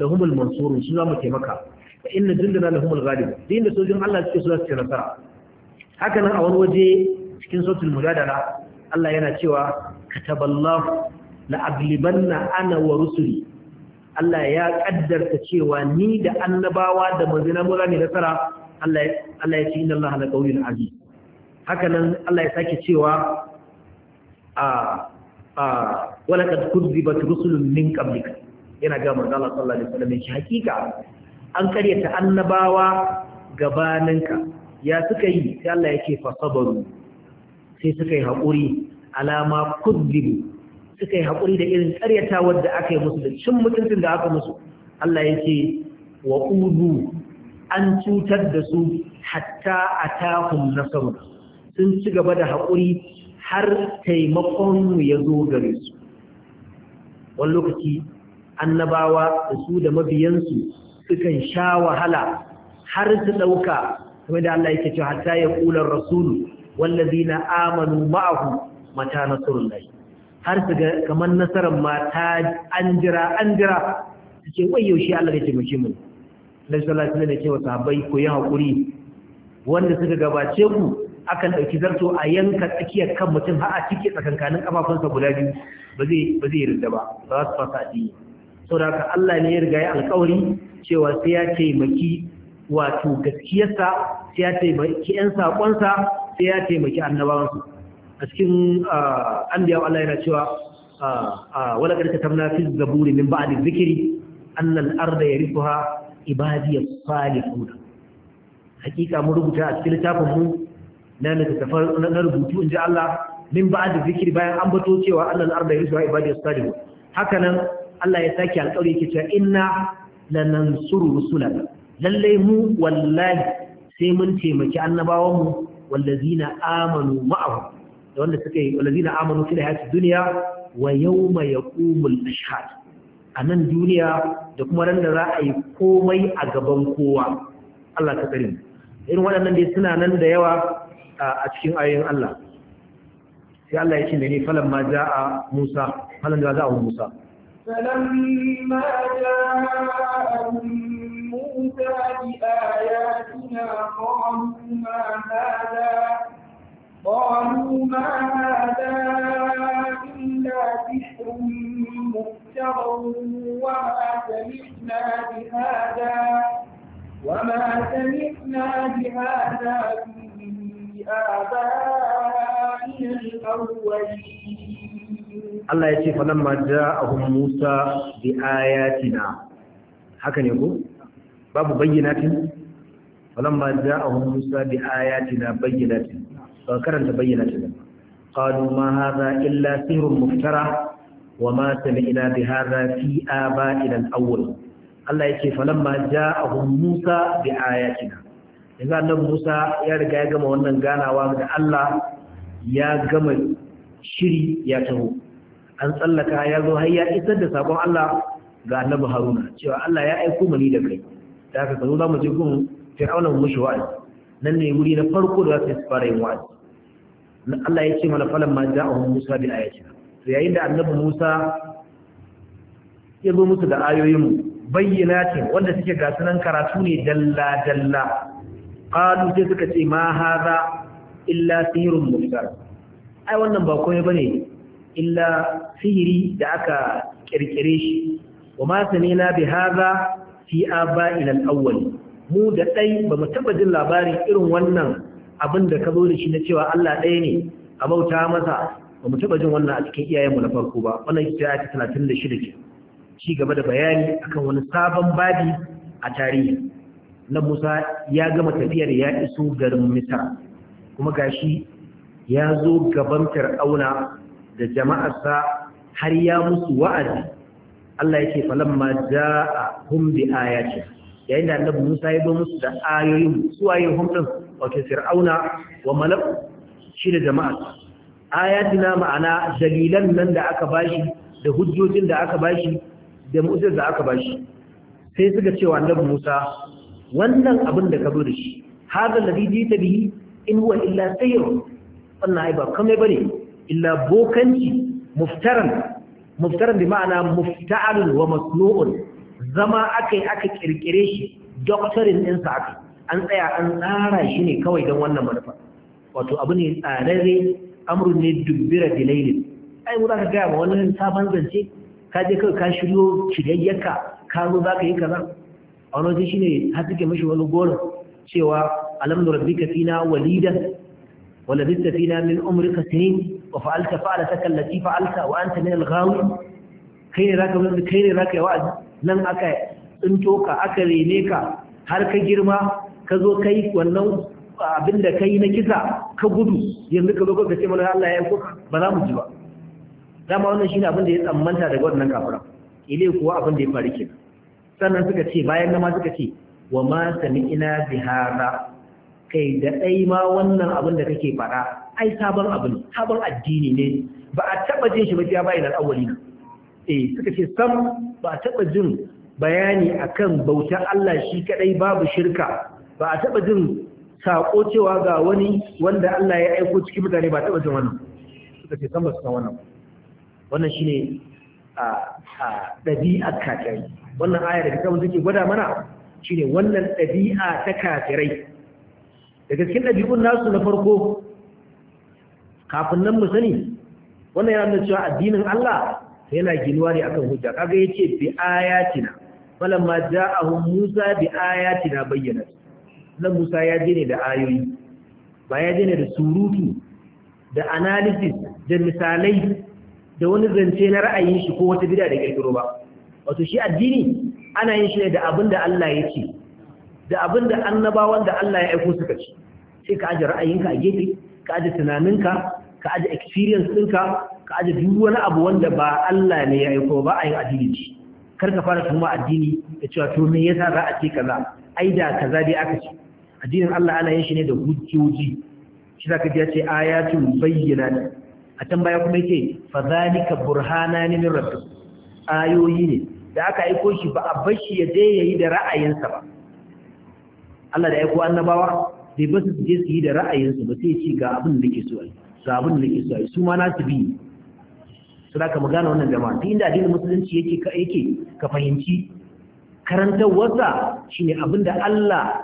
humul mansurun su za mu taimaka fa inna jundana da ghalib din da sojin Allah suke so su nasara haka nan a wani waje cikin suratul mujadala Allah yana cewa kataballahu la aglibanna ana wa rusuli Allah ya kaddarta cewa ni da annabawa da manzina mu za mu nasara Allah Allah ya ce inna Allah la qawiyyun aziz haka nan Allah ya sake cewa a ah, a ah, wala kad kuzibat rusulun min qablik yana ga manzo Allah sallallahu alaihi wasallam shi hakika an karyata annabawa gabaninka ya suka yi sai Allah yake fa sabaru sai suka yi hakuri alama kuzibu suka yi hakuri da irin karyata wadda aka yi musu da cin mutuntun da aka musu Allah yake wa udu an cutar da su hatta atahum nasaru sun ci gaba da hakuri har taimakon ya zo gare su wani lokaci annabawa da su da mabiyansu sukan sha wahala har su ɗauka kuma da Allah yake cewa hatta ya kular rasulu wallazina amanu ma'ahu mata nasrullahi har su ga kamar nasarar mata an jira an jira su ce wai yaushe Allah ya taimake mu dan sallallahu alaihi ya ce wa sahabbai ku yi hakuri wanda suka gabace ku akan ɗauki zarto a yanka tsakiyar kan mutum har a cike tsakankanin kafafunsa guda biyu ba zai ba zai rinda ba ba za su fasa addini saboda haka Allah ne ya riga ya alƙawari cewa sai ya taimaki wato gaskiyarsa sai ya taimaki ƴan saƙonsa sai ya taimaki annabawansu a cikin anbiya Allah yana cewa wala qad tamna fi zaburi min ba'di zikiri an al-arda yarithuha ibadiy salihun hakika mun rubuta a cikin littafin mu na littattafan na rubutu in ji Allah min ba da zikiri bayan an bato cewa Allah al-arda yusuwa ibadiyya salihu haka nan Allah ya sake alƙawari yake cewa inna lanansuru rusulana Lallai mu wallahi sai mun taimaki annabawan mu wallazina amanu ma'ahu da wanda suka yi wallazina amanu fil hayati duniya. wa yawma yaqumul ashhad a nan duniya da kuma ran da za a yi komai a gaban kowa Allah ka tsare mu irin waɗannan dai suna nan da yawa a cikin ayoyin Allah sai Allah ya ce mene falan ma za a Musa falan za a Musa falan ma za a Musa bi ayatuna qalu ma hada qalu ma hada illa sihrun muftara wa ma sami'na آبائنا الأولين الله يتي فلما جاءهم موسى بآياتنا haka ne ko babu bayyanatin falamma ja'ahum musa bi ayatina bayyinatin ba karanta bayyanatin qalu ma hadha illa sihrun muftara وما سمعنا بهذا في آبائنا الأول الله يكي فلما جاءهم موسى بآياتنا yanzu annabi Musa ya riga ya gama wannan ganawa da Allah ya gama shiri ya taho an tsallaka ya zo har ya isar da sakon Allah ga annabi Haruna cewa Allah ya aiko mani da kai da haka za zamu je gun Fir'auna mu mushi wa'azi nan ne wuri na farko da za su fara yin wa'azi Allah ya ce mana falan ma ja'ahum Musa bi ayatina to yayin da annabi Musa ya zo musu da ayoyin bayyinatin wanda suke ga sunan karatu ne dalla dalla qalu sai suka ce ma hadha illa sihrun muftar ai wannan ba komai bane illa sihiri da aka kirkire shi wa ma sanina bi hadha fi aba'il al-awwal mu da dai mu taba jin labarin irin wannan abin da ka zo da shi na cewa Allah ɗaya ne a bauta masa ba mu taɓa jin wannan a cikin iyayenmu na farko ba wannan ita ta talatin da shida gaba da bayani akan wani sabon babi a tarihi na musa ya gama tafiyar ya iso garin misra kuma gashi ya zo gaban fir'auna da jama'arsa har ya musu wa'azi Allah yake falamma jaa hum bi ayati yayin da annabi Musa ya ba musu da ayoyin su ayoyin hum din wato fir'auna wa malak shi da jama'arsa ayatina ma'ana dalilan nan da aka bashi da hujjojin da aka bashi da mu'jizar da aka bashi sai suka cewa annabi Musa wannan abin da ka zo da shi da alladhi ta bihi in huwa illa sayr sannan haifar ba kamar bane illa bokanci muftaran muftaran da ma'ana muftarun wa masnu'un zama aka yi aka kirkire shi doktorin ɗinsa aka an tsaya an tsara shi ne kawai don wannan manufa wato abu ne tsararre amrun ne dubbira dilailin ai mu za ka gaya ma wani sabon zance ka je kawai ka shiryo shiryayyaka ka zo za ka yi kaza wani wajen shine har suke mashi wani gol cewa alamdu rabbika fina walida wala bitta fina min umrika sinin wa fa'alta fa'alataka allati fa'alta wa anta min al ghawi kai ne zaka wani kai ne zaka yi wa'azi nan aka tsinto ka aka rene ka har ka girma ka zo kai wannan abin da kai na kisa ka gudu yanzu ka zo ka ce mana Allah ya yi kuka ba za mu ji ba dama wannan shine abin da ya tsammanta daga wannan kafira ile kuwa abin da ya faru kenan sannan suka ce bayan nama suka ce wa ma sami ina bihara kai da ɗai ma wannan abin da kake faɗa ai sabon abin sabon addini ne ba a taɓa jin shi ba ya bayan al'awali eh suka ce sam ba a taɓa jin bayani akan bautar Allah shi kaɗai babu shirka ba a taɓa jin sako cewa ga wani wanda Allah ya aiko cikin mutane ba taɓa jin wannan suka ce sam ba su san wannan wannan shine a ɗabi'ar kafirai wannan ayar da kawai suke gwada mana shi ne wannan ɗabi'a ta kafirai Da cikin ɗabi'un nasu na farko kafin nan mu sani wannan yana nuna cewa addinin Allah yana ginuwa ne akan hujja kaga yace bi ayatina falamma ja'ahum Musa bi ayatina bayyana nan Musa ya je ne da ayoyi ba ya je ne da surutu da analysis da misalai da wani zance na ra'ayin shi ko wata bid'a da kirkiro ba wato shi addini ana yin shi ne da abin da Allah ya ce da abin da annabawan da Allah ya aiko suka ce sai ka aje ra'ayinka a gefe ka aje tunaninka ka aje experience ɗinka ka aje duk wani abu wanda ba Allah ne ya aiko ba a yin addini ce kar ka fara tuma addini da cewa to me yasa za a ce kaza ai da kaza dai aka ci. addinin Allah ana yin shi ne da hujjoji shi zaka ji ya ce ayatul bayyinat a tambaya baya kuma yake fa zalika burhanani min rabbi? ayoyi ne da aka aiko shi ba a bashi ya je yayi da ra'ayinsa ba Allah da aiko annabawa bai ba su je su yi da ra'ayinsu ba sai ci ga abin da ke so ai su abin da ke so ai su ma na su bi su da ka magana wannan jama'a duk inda addinin musulunci yake ka yake ka fahimci karantarwarsa shine abin da Allah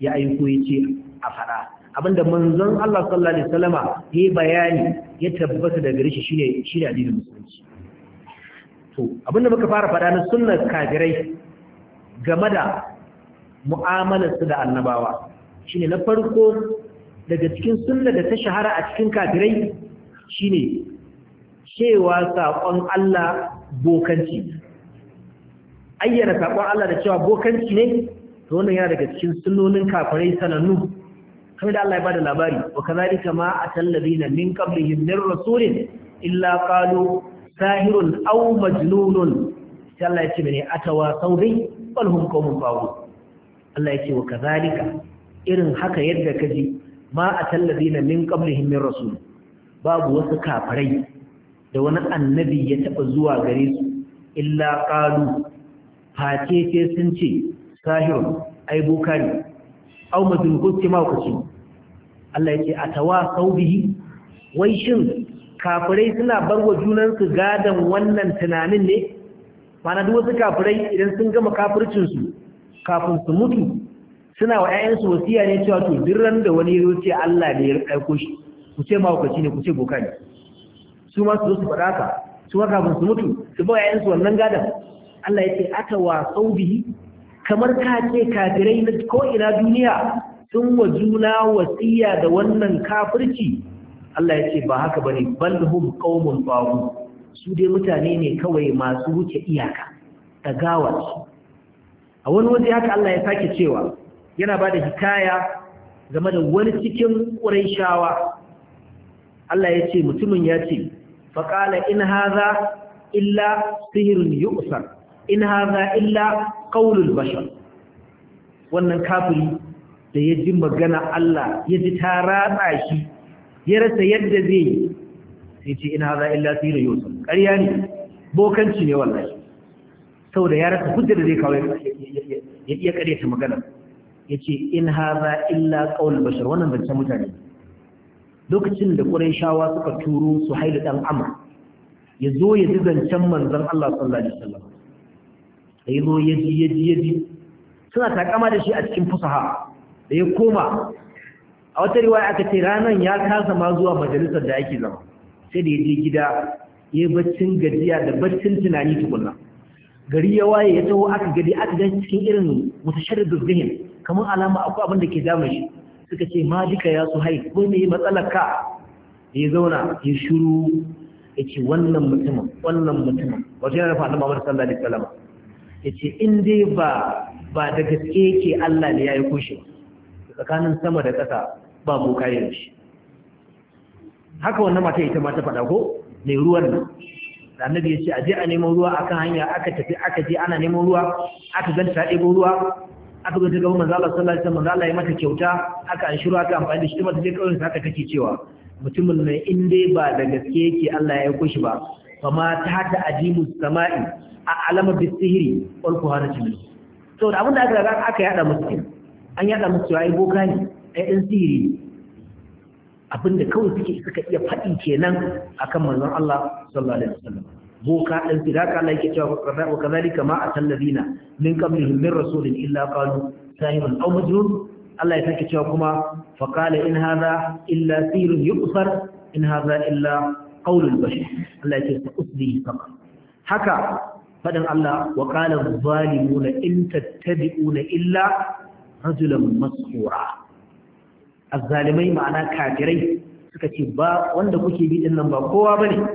ya aiko ya ce a faɗa abin da manzon Allah sallallahu alaihi wasallama ya bayani ya tabbata daga shi shine shine addinin musulunci to abinda muka fara faɗa na sunnar kafirai game da mu'amalarsu da annabawa shine na farko daga cikin sunna da ta shahara a cikin kafirai shine cewa saƙon Allah bokanci ayyana saƙon Allah da cewa bokanci ne to wannan yana daga cikin sunnonin kafirai sanannu kamar da Allah ya bada labari wa kazalika ma atal ladina min qablihim min rasulin illa qalu sahirun aw majnunun sai Allah ya ce mene atawa sauri bal hum qawmun ba'u Allah ya ce wa kazalika irin haka yadda kaji ma atalladina min qablihim min rasul babu wasu kafirai da wani annabi ya taɓa zuwa gare su illa ƙalu face ce sun ce sahirun ai boka ne ma mazulkusti ce. Allah ya ce atawa sau saubihi wai shin kafirai suna barwa junansu gadon wannan tunanin ne mana duk wasu kafirai idan sun gama kafircinsu kafin su mutu suna wa 'ya'yansu wasiya ne cewa to duk da wani ya ce Allah ne ya aiko shi ku ce mahaukaci ne ku ce boka ne su ma su zo su faɗa ka su ma kafin su mutu su ba 'ya'yansu wannan gadon Allah ya ce aka wa bihi kamar ka ce kafirai na ko'ina duniya sun wa juna wasiya da wannan kafirci Allah ya ce ba haka bane bal hum qaumun tawu su dai mutane ne kawai masu wuce iyaka gawa a wani waje haka Allah ya sake cewa yana bada hikaya game da wani cikin quraishawa Allah ya ce mutumin ya ce faƙala in hadha illa sihrun yu'sar in hadha illa ƙaunin bashar wannan kafiri da ya ji magana Allah ya ji ta ratsa shi ya rasa yadda zai yi sai ce ina za illa sirri yusuf ƙarya ne bokanci ne wallahi da ya rasa hujjar da zai kawo ya iya ta magana ya ce in haza illa ƙaunar bashar wannan zancen mutane lokacin da shawa suka turo su haida ɗan amma ya zo ya ji zancen manzon Allah sallallahu alaihi wasallam ya zo ya ji ya ji ya ji suna takama da shi a cikin fusaha da ya koma a wata riwaya aka ce ranan ya kasa ma zuwa majalisar da yake zama sai da ya je gida ya yi baccin gajiya da baccin tunani tukunna gari ya waye ya taho aka gadi aka gan cikin irin mutasharribin zihin kamar alama akwai abin da ke damun shi suka ce ma duka ya su hai ko me matsalar ka ya zauna ya shiru ya ce wannan mutumin wannan mutumin wato yana rufa annabawa sallallahu da wasallam ya ce in dai ba ba da gaske yake Allah ne yayi kushe tsakanin sama da ƙasa ba boka yin shi haka wannan mata ita ma ta faɗa ko mai ruwan nan da annabi ya ce a je a neman ruwa akan hanya aka tafi aka je ana neman ruwa aka ganta ta ɗebo ruwa aka ganta gaban manzo Allah sallallahu alaihi wasallam Allah ya mata kyauta aka an shiru aka amfani da shi mata je kauyen haka take cewa mutumin ne in dai ba da gaske yake Allah ya aiko shi ba ma ta ta ajimu sama'i a alamar bisihiri wal kuhanati min saboda abinda aka ga aka yada musu an yada musu yayi boka ne ai ɗan sihiri abinda kawai suke suka iya faɗi kenan a kan manzon Allah sallallahu alaihi wasallam boka ɗan tsira haka Allah yake cewa wa kazalika ma atal ladina min qablihim min rasulun illa qalu sahirun aw majnun Allah ya sake cewa kuma fa qala in hadha illa sirrun yubsar in hadha illa qawlul bashar Allah ya ce fa yi faqa haka faɗin Allah wa qala zalimuna in tattabi'una illa rajulan mas'ura azzalimai ma'ana kafirai suka ce ba wanda kuke bi din ba kowa bane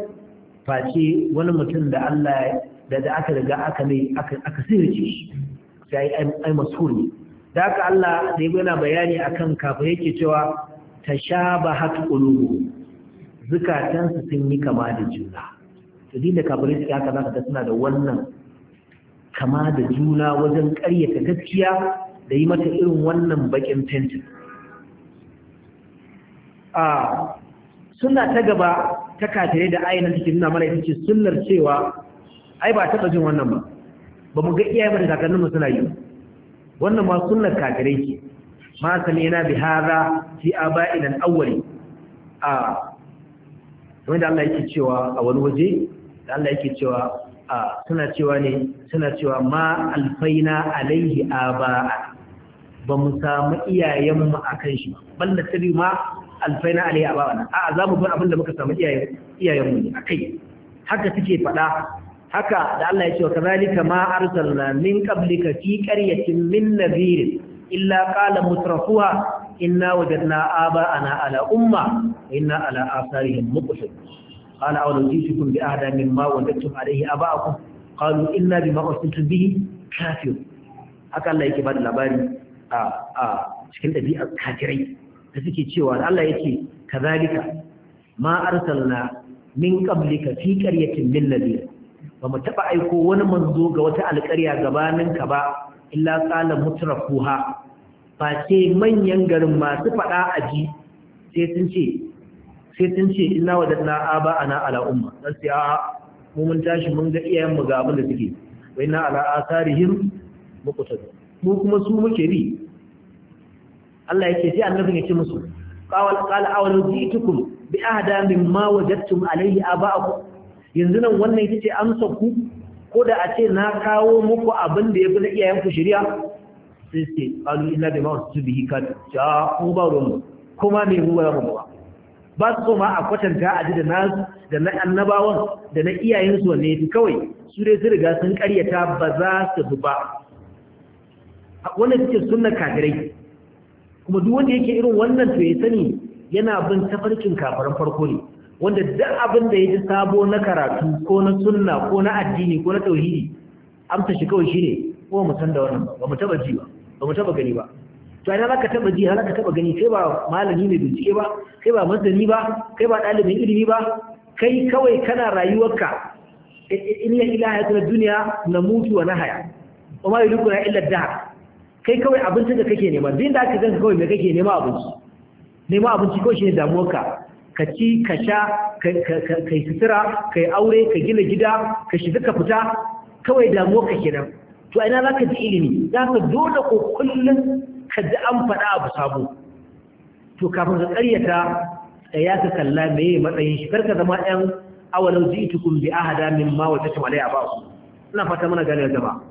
face wani mutum da Allah da da aka riga aka mai aka aka sirce shi sai ai ai da aka Allah da yana bayani akan kafirai yake cewa tashabahat qulubu zukatansu sun yi kama da juna to din da kafirai suke haka zaka ta suna da wannan kama da juna wajen ƙaryata gaskiya da yi mata irin wannan bakin fentin a suna ta gaba ta katare da ainihin cikin nuna mana ita ce sunnar cewa ai ba taɓa jin wannan ba ba mu ga ba da kakanninmu suna yi wannan ma sunar katare ke. ma samina bi hara, fi a al-awwali a wanda Allah yake cewa a wani waje da Allah yake cewa a suna cewa ne suna cewa ma alfaina alaihi ba'a. ba mu samu iyayenmu a kan shi ba tabi ma na alai a bawana a'a za mu bar abin da muka samu iyayenmu ne a kai haka suke faɗa haka da Allah ya ce wa kazalika ma arsalna min qablika fi qaryatin min nadhir illa qala mutrafuha inna wajadna aba'ana ala umma inna ala asarihim muqtad qala aw jitukum bi ahda mimma wajadtum alayhi aba'akum qalu inna bima ursiltum bihi kafir haka Allah yake ba da labari a a cikin dabi'ar kafirai da suke cewa Allah yake kazalika ma arsalna min qablika fi qaryatin min nadir ba mu taɓa aiko wani manzo ga wata alƙarya gabaninka ba illa qala mutrafuha Ba ce manyan garin masu a ji. sai sun ce sai sun ce inna wadanna aba ana ala umma sai a mu mun tashi mun ga iyayen mu ga abin da suke wa inna ala asarihim mu kuma su muke bi Allah yake sai annabin yake musu qala qala awalu ji'tukum bi ahda mimma wajadtum alayhi aba'akum yanzu nan wannan yake ce amsa ku ko da a ce na kawo muku abin da yafi na iyayenku shari'a sai sai qalu illa bi ma wasu bihi ka ja ku kuma me mu ba mu ba ba su ma a kwatanta a da da na annabawan da na iyayensu wanne yafi kawai su dai su riga sun karyata ba za su ba wannan yake sunna kafirai kuma duk wanda yake irin wannan to ya sani yana bin tafarkin kafaran farko ne wanda duk abin da ya ji sabo na karatu ko na sunna ko na addini ko na tauhidi amsa shi kawai shine ko mu san da wannan ba mu taba ji ba ba mu taba gani ba to ina zaka taba ji har ka taba gani kai ba malami mai bincike ba kai ba masani ba kai ba dalibin ilimi ba kai kawai kana rayuwarka inna ilaha illa duniya na mutu wa nahaya wa ma yudkuna illa dahar kai kawai abincin da kake nema din da aka ganka kawai mai kake nema abinci nema abinci ko shi ne damuwarka ka ci ka sha ka yi sutura ka yi aure ka gina gida ka shi ka fita kawai damuwarka kenan to ina za ka ji ilimi za ka dole ko kullum ka ji an faɗa abu sabo to kafin ka karyata tsaya ka kalla me matsayin shi karka zama ɗan awalau ji'tukum bi ahada mimma wajadtum ba su. ina fata mana gane zama.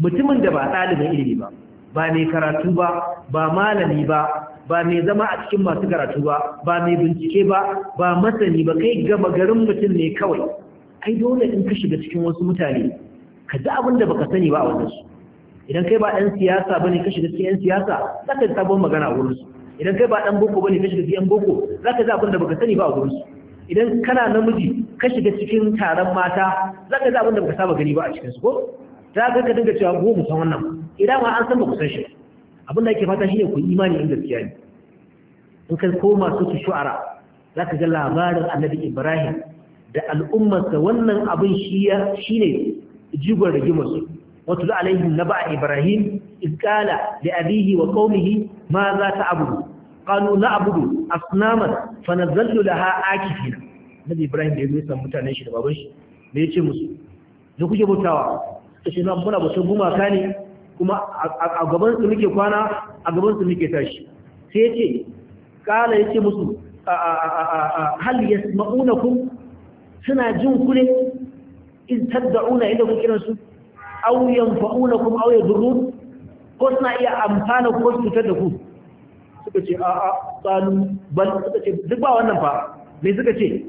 mutumin da ba ɗalibin ilimi ba ba mai karatu ba ba malami ba ba mai zama a cikin masu karatu ba ba mai bincike ba ba masani ba kai gama garin mutum ne kawai ai dole in ka shiga cikin wasu mutane ka ji abin da baka sani ba a wajen su idan kai ba ɗan siyasa bane ka shiga cikin 'yan siyasa za ka ji sabon magana a wurin su idan kai ba ɗan boko bane ka shiga cikin 'yan boko za ka ji abin da baka sani ba a wurin su idan kana namiji ka shiga cikin taron mata za ka ji abin da baka saba gani ba a cikin su ko za ka ka dinga cewa goma san wannan idan eh, ma an san ba ku san shi abin da ake fata shi ne ku imani in gaskiya ne in ka koma su ki shu'ara za ka ga labarin annabi ibrahim da al'ummarsa wannan abin shi ne jigon rigimarsu wato da alaihim na ba ibrahim iskala da abihi wa kaumihi ma za ta abudu kanu na abudu asnaman fanazallu laha akifina nabi ibrahim da ya zai mutanen shi da baban shi me ya ce musu da kuke bautawa ta ce muna bautar gumaka ne kuma a gaban su muke kwana a gaban su muke tashi sai yace kala yace musu hal yasma'unakum suna jin ku ne in tad'una inda ku kiran su aw yanfa'unakum aw yadurrun ko suna iya amfana ko su tada ku suka ce a a qalu bal suka ce duk ba wannan fa me suka ce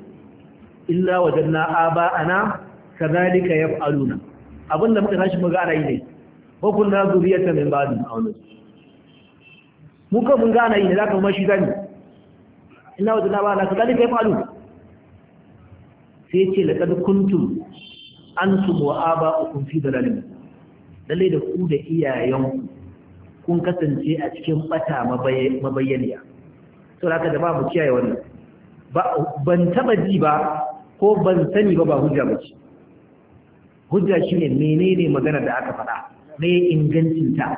illa wajanna aba'ana kadhalika yaf'aluna abinda muka tashi muga ana yi ne wa kunna zuriyatan min ba'di a wani mu ka mun gana yi da ka kuma shi zani inna wa ka la kai yafalu sai ce laqad kuntum antum wa aba'ukum fi dalalin lalle da ku da iyayenku kun kasance a cikin bata mabayyaniya da aka da ba mu kiyaye wannan ban taba ji ba ko ban sani ba ba hujja ba ce hujja shine menene magana da aka faɗa me ingancinta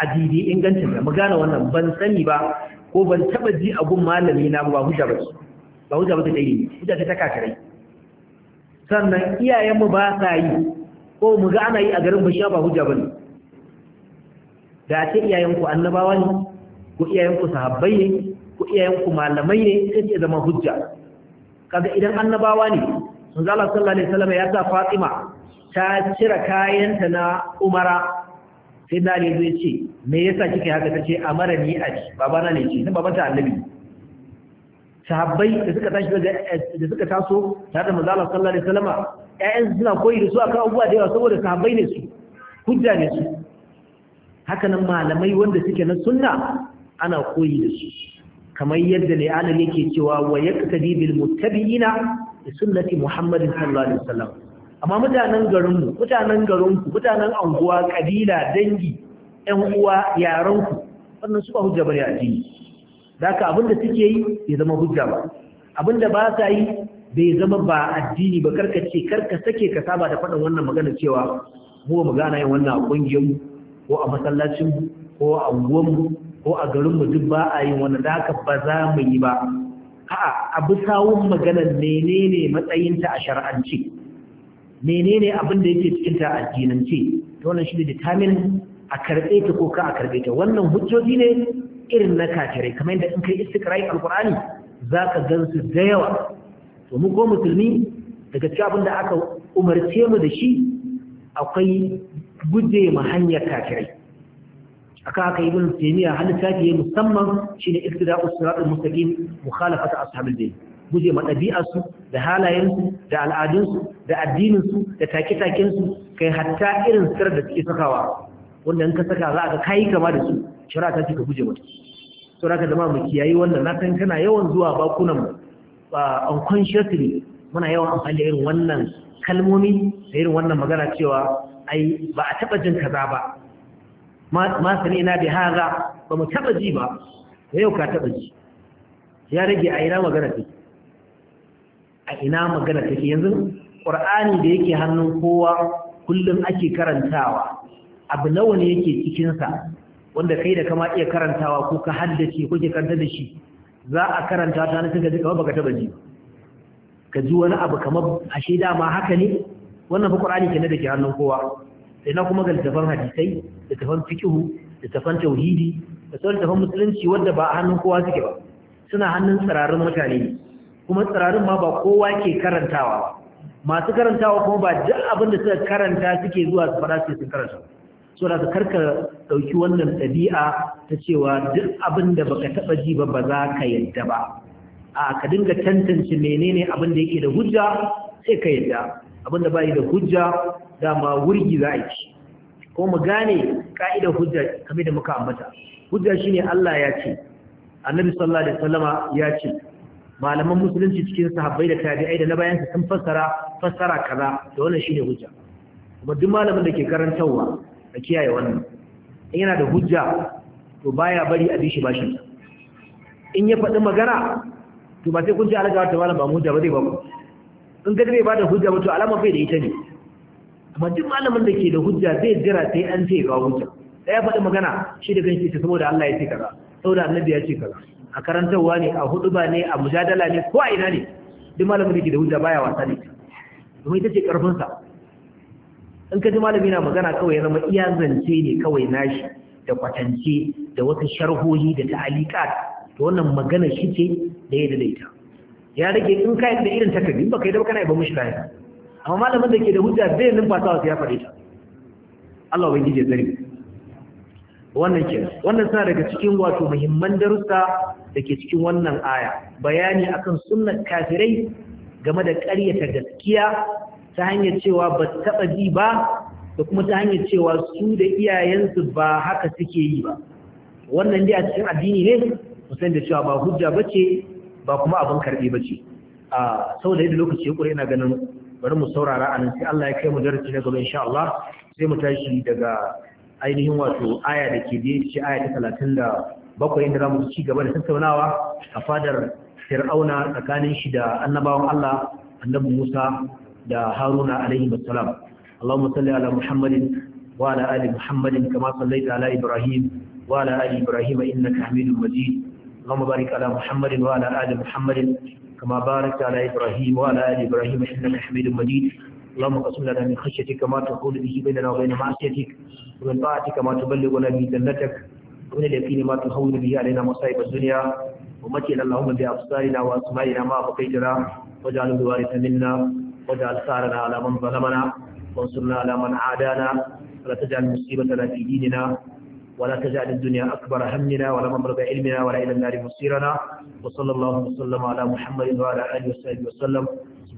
a didi ingancinta mu gane wannan ban sani ba ko ban taba ji a gun malami na ba hujja ba ba hujja ba ta dai hujja ta kakarai sannan iyayen mu ba sa yi ko mu ga ana yi a garin bashi ba hujja ne. da ce iyayen ku annabawa ne ko iyayen ku sahabbai ne ko iyayen ku malamai ne sai ya zama hujja kaga idan annabawa ne sun zala sallallahu alaihi wasallam ya sa Fatima ta cire kayanta na Umara sai na ne zai ce me yasa kika haka ta ce amara ni a ci babana ne ce nan babanta annabi sahabbai da suka tashi da suka taso tare da manzo Allah sallallahu alaihi wasallam ƴaƴan suna koyi da su akan abubuwa da yawa saboda sahabbai ne su hujja ne su haka nan malamai wanda suke na sunna ana koyi da su kamar yadda ne anan yake cewa wa yaqtadi bil muttabi'ina bi sunnati muhammadin sallallahu alaihi wasallam amma mutanen garinmu mutanen garinku mutanen anguwa kabila dangi ƴan uwa yaranku wannan su ba hujja bari addini da ka abin da suke yi bai zama hujja ba abin da ba sa yi bai zama ba addini ba karka ce karka sake ka saba da faɗin wannan magana cewa mu mu gana yin wannan a ƙungiyarmu ko a masallacinmu ko a mu ko a garinmu duk ba a yin wannan da ba za mu yi ba a'a abu sawun maganar menene matsayinta a shar'anci menene abin da yake cikin ta addinance to wannan shi ne determine a karbe ta ko ka a karbe ta wannan hujjoji ne irin na katare kamar yadda in kai istiqra'i alqur'ani zaka gansu da yawa to mu ko musulmi daga cikin abin da aka umarce mu da shi akwai guje ma hanyar kafirai aka aka ibn taymiya halitta ke musamman shine iktida'us siratal mustaqim mukhalafata ashabil bayt guje ma ɗabi'arsu da halayensu da al'adunsu da addininsu da take-takensu kai hatta irin sir da suke sakawa wanda in ka saka za ka kayi kama da su shara ta ka guje mata to raka zama mu kiyayi wannan na san kana yawan zuwa bakunan mu unconsciously muna yawan amfani da irin wannan kalmomi da irin wannan magana cewa ai ba a taba jin kaza ba ma sani ina da haza ba mu taba ji ba yau ka taba ji ya rage a ina magana take a ina magana take yanzu Qur'ani da yake hannun kowa kullum ake karantawa abu nawa ne yake cikinsa wanda kai da kama iya karantawa ko ka haddace ko ke karanta da shi za a karanta ta hannun ka kamar baka taba ji ka ji wani abu kamar ashe ma haka ne wannan fa ƙur'ani kenan da ke hannun kowa sai na kuma ga littafan hadisai littafan fikihu littafan tauhidi da sauran musulunci wanda ba a hannun kowa suke ba suna hannun tsirarin mutane ne kuma tsirarin ma ba kowa ke karantawa masu karantawa kuma ba duk abin da suka karanta suke zuwa su fara su karanta so da ka dauki wannan dabi'a ta cewa duk abin da baka taba ji ba ba za ka yadda ba a ka dinga tantance menene abin da yake da hujja sai ka yadda abin da bai da hujja dama wurgi za a yi ko mu gane ka'idar hujja kamar da muka ambata hujja shine Allah ya ce annabi sallallahu alaihi wasallama ya ce malaman musulunci cikin sahabbai da tabi'ai da na bayan sun fassara fassara kaza da wannan shine hujja kuma duk malamin da ke karantawa a kiyaye wannan in yana da hujja to baya bari a bishi bashin in ya faɗi magana to ba sai kun ji alaga ta malam ba mu hujja ba zai ba ku in ga bai ba da hujja ba to alama bai da ita ne amma duk malamin da ke da hujja zai jira sai an ce ga hujja sai ya faɗi magana shi da kanshi ce saboda Allah ya ce kaza saboda annabi ya ce kaza a karantarwa ne a hudu ba ne a mujadala ne ko a ina ne duk malamin da ke da hujja baya wasa ne kuma ita ce karfinsa in ka ji malami na magana kawai zama iya zance ne kawai nashi da kwatance da wasu sharhohi da ta'alika to wannan magana shi ce da ya daidaita ya rage in ka da irin takardu ba kai da kana ba mushi kayan amma malamin da ke da hujja bai numfasa wasu ya faɗi ta Allah ubangiji ya tsare wannan ke wannan suna daga cikin wato muhimman darussa da ke cikin wannan aya bayani akan sunnar kafirai game da ƙaryata gaskiya ta hanyar cewa ba taɓa ji ba da kuma ta hanyar cewa su da iyayensu ba haka suke yi ba wannan dai a cikin addini ne musan da cewa ba hujja ba ce ba kuma abin karɓe ba ce a saboda yadda lokaci ya ƙure ina ganin bari mu saurara anan sai Allah ya kai mu darasi na gaba insha Allah sai mu tashi daga ainihin wato aya da ke biye shi aya ta talatin da bakwai inda zamu ci gaba da tattaunawa a fadar fir'auna tsakanin shi da annabawan Allah annabi Musa da Haruna alaihi wassalam Allahumma salli ala Muhammadin wa ala ali Muhammadin kama sallaita ala Ibrahim wa ala ali Ibrahim innaka Hamidum Majid Allahumma barik ala Muhammadin wa ala ali Muhammadin kama barakta ala Ibrahim wa ala ali Ibrahim innaka Hamidum Majid اللهم قسم لنا من خشيتك ما تقول به بيننا وبين معصيتك ومن طاعتك ما تبلغنا به جنتك ومن اليقين ما تهون به علينا مصائب الدنيا ومتنا اللهم بأبصارنا وأسمائنا ما بقيتنا واجعله الوارث منا واجعل ثارنا على من ظلمنا وانصرنا على من عادانا ولا تجعل مصيبتنا في ديننا ولا تجعل الدنيا أكبر همنا ولا مبلغ علمنا ولا إلى النار مصيرنا وصلى الله وسلم على محمد وعلى آله وصحبه وسلم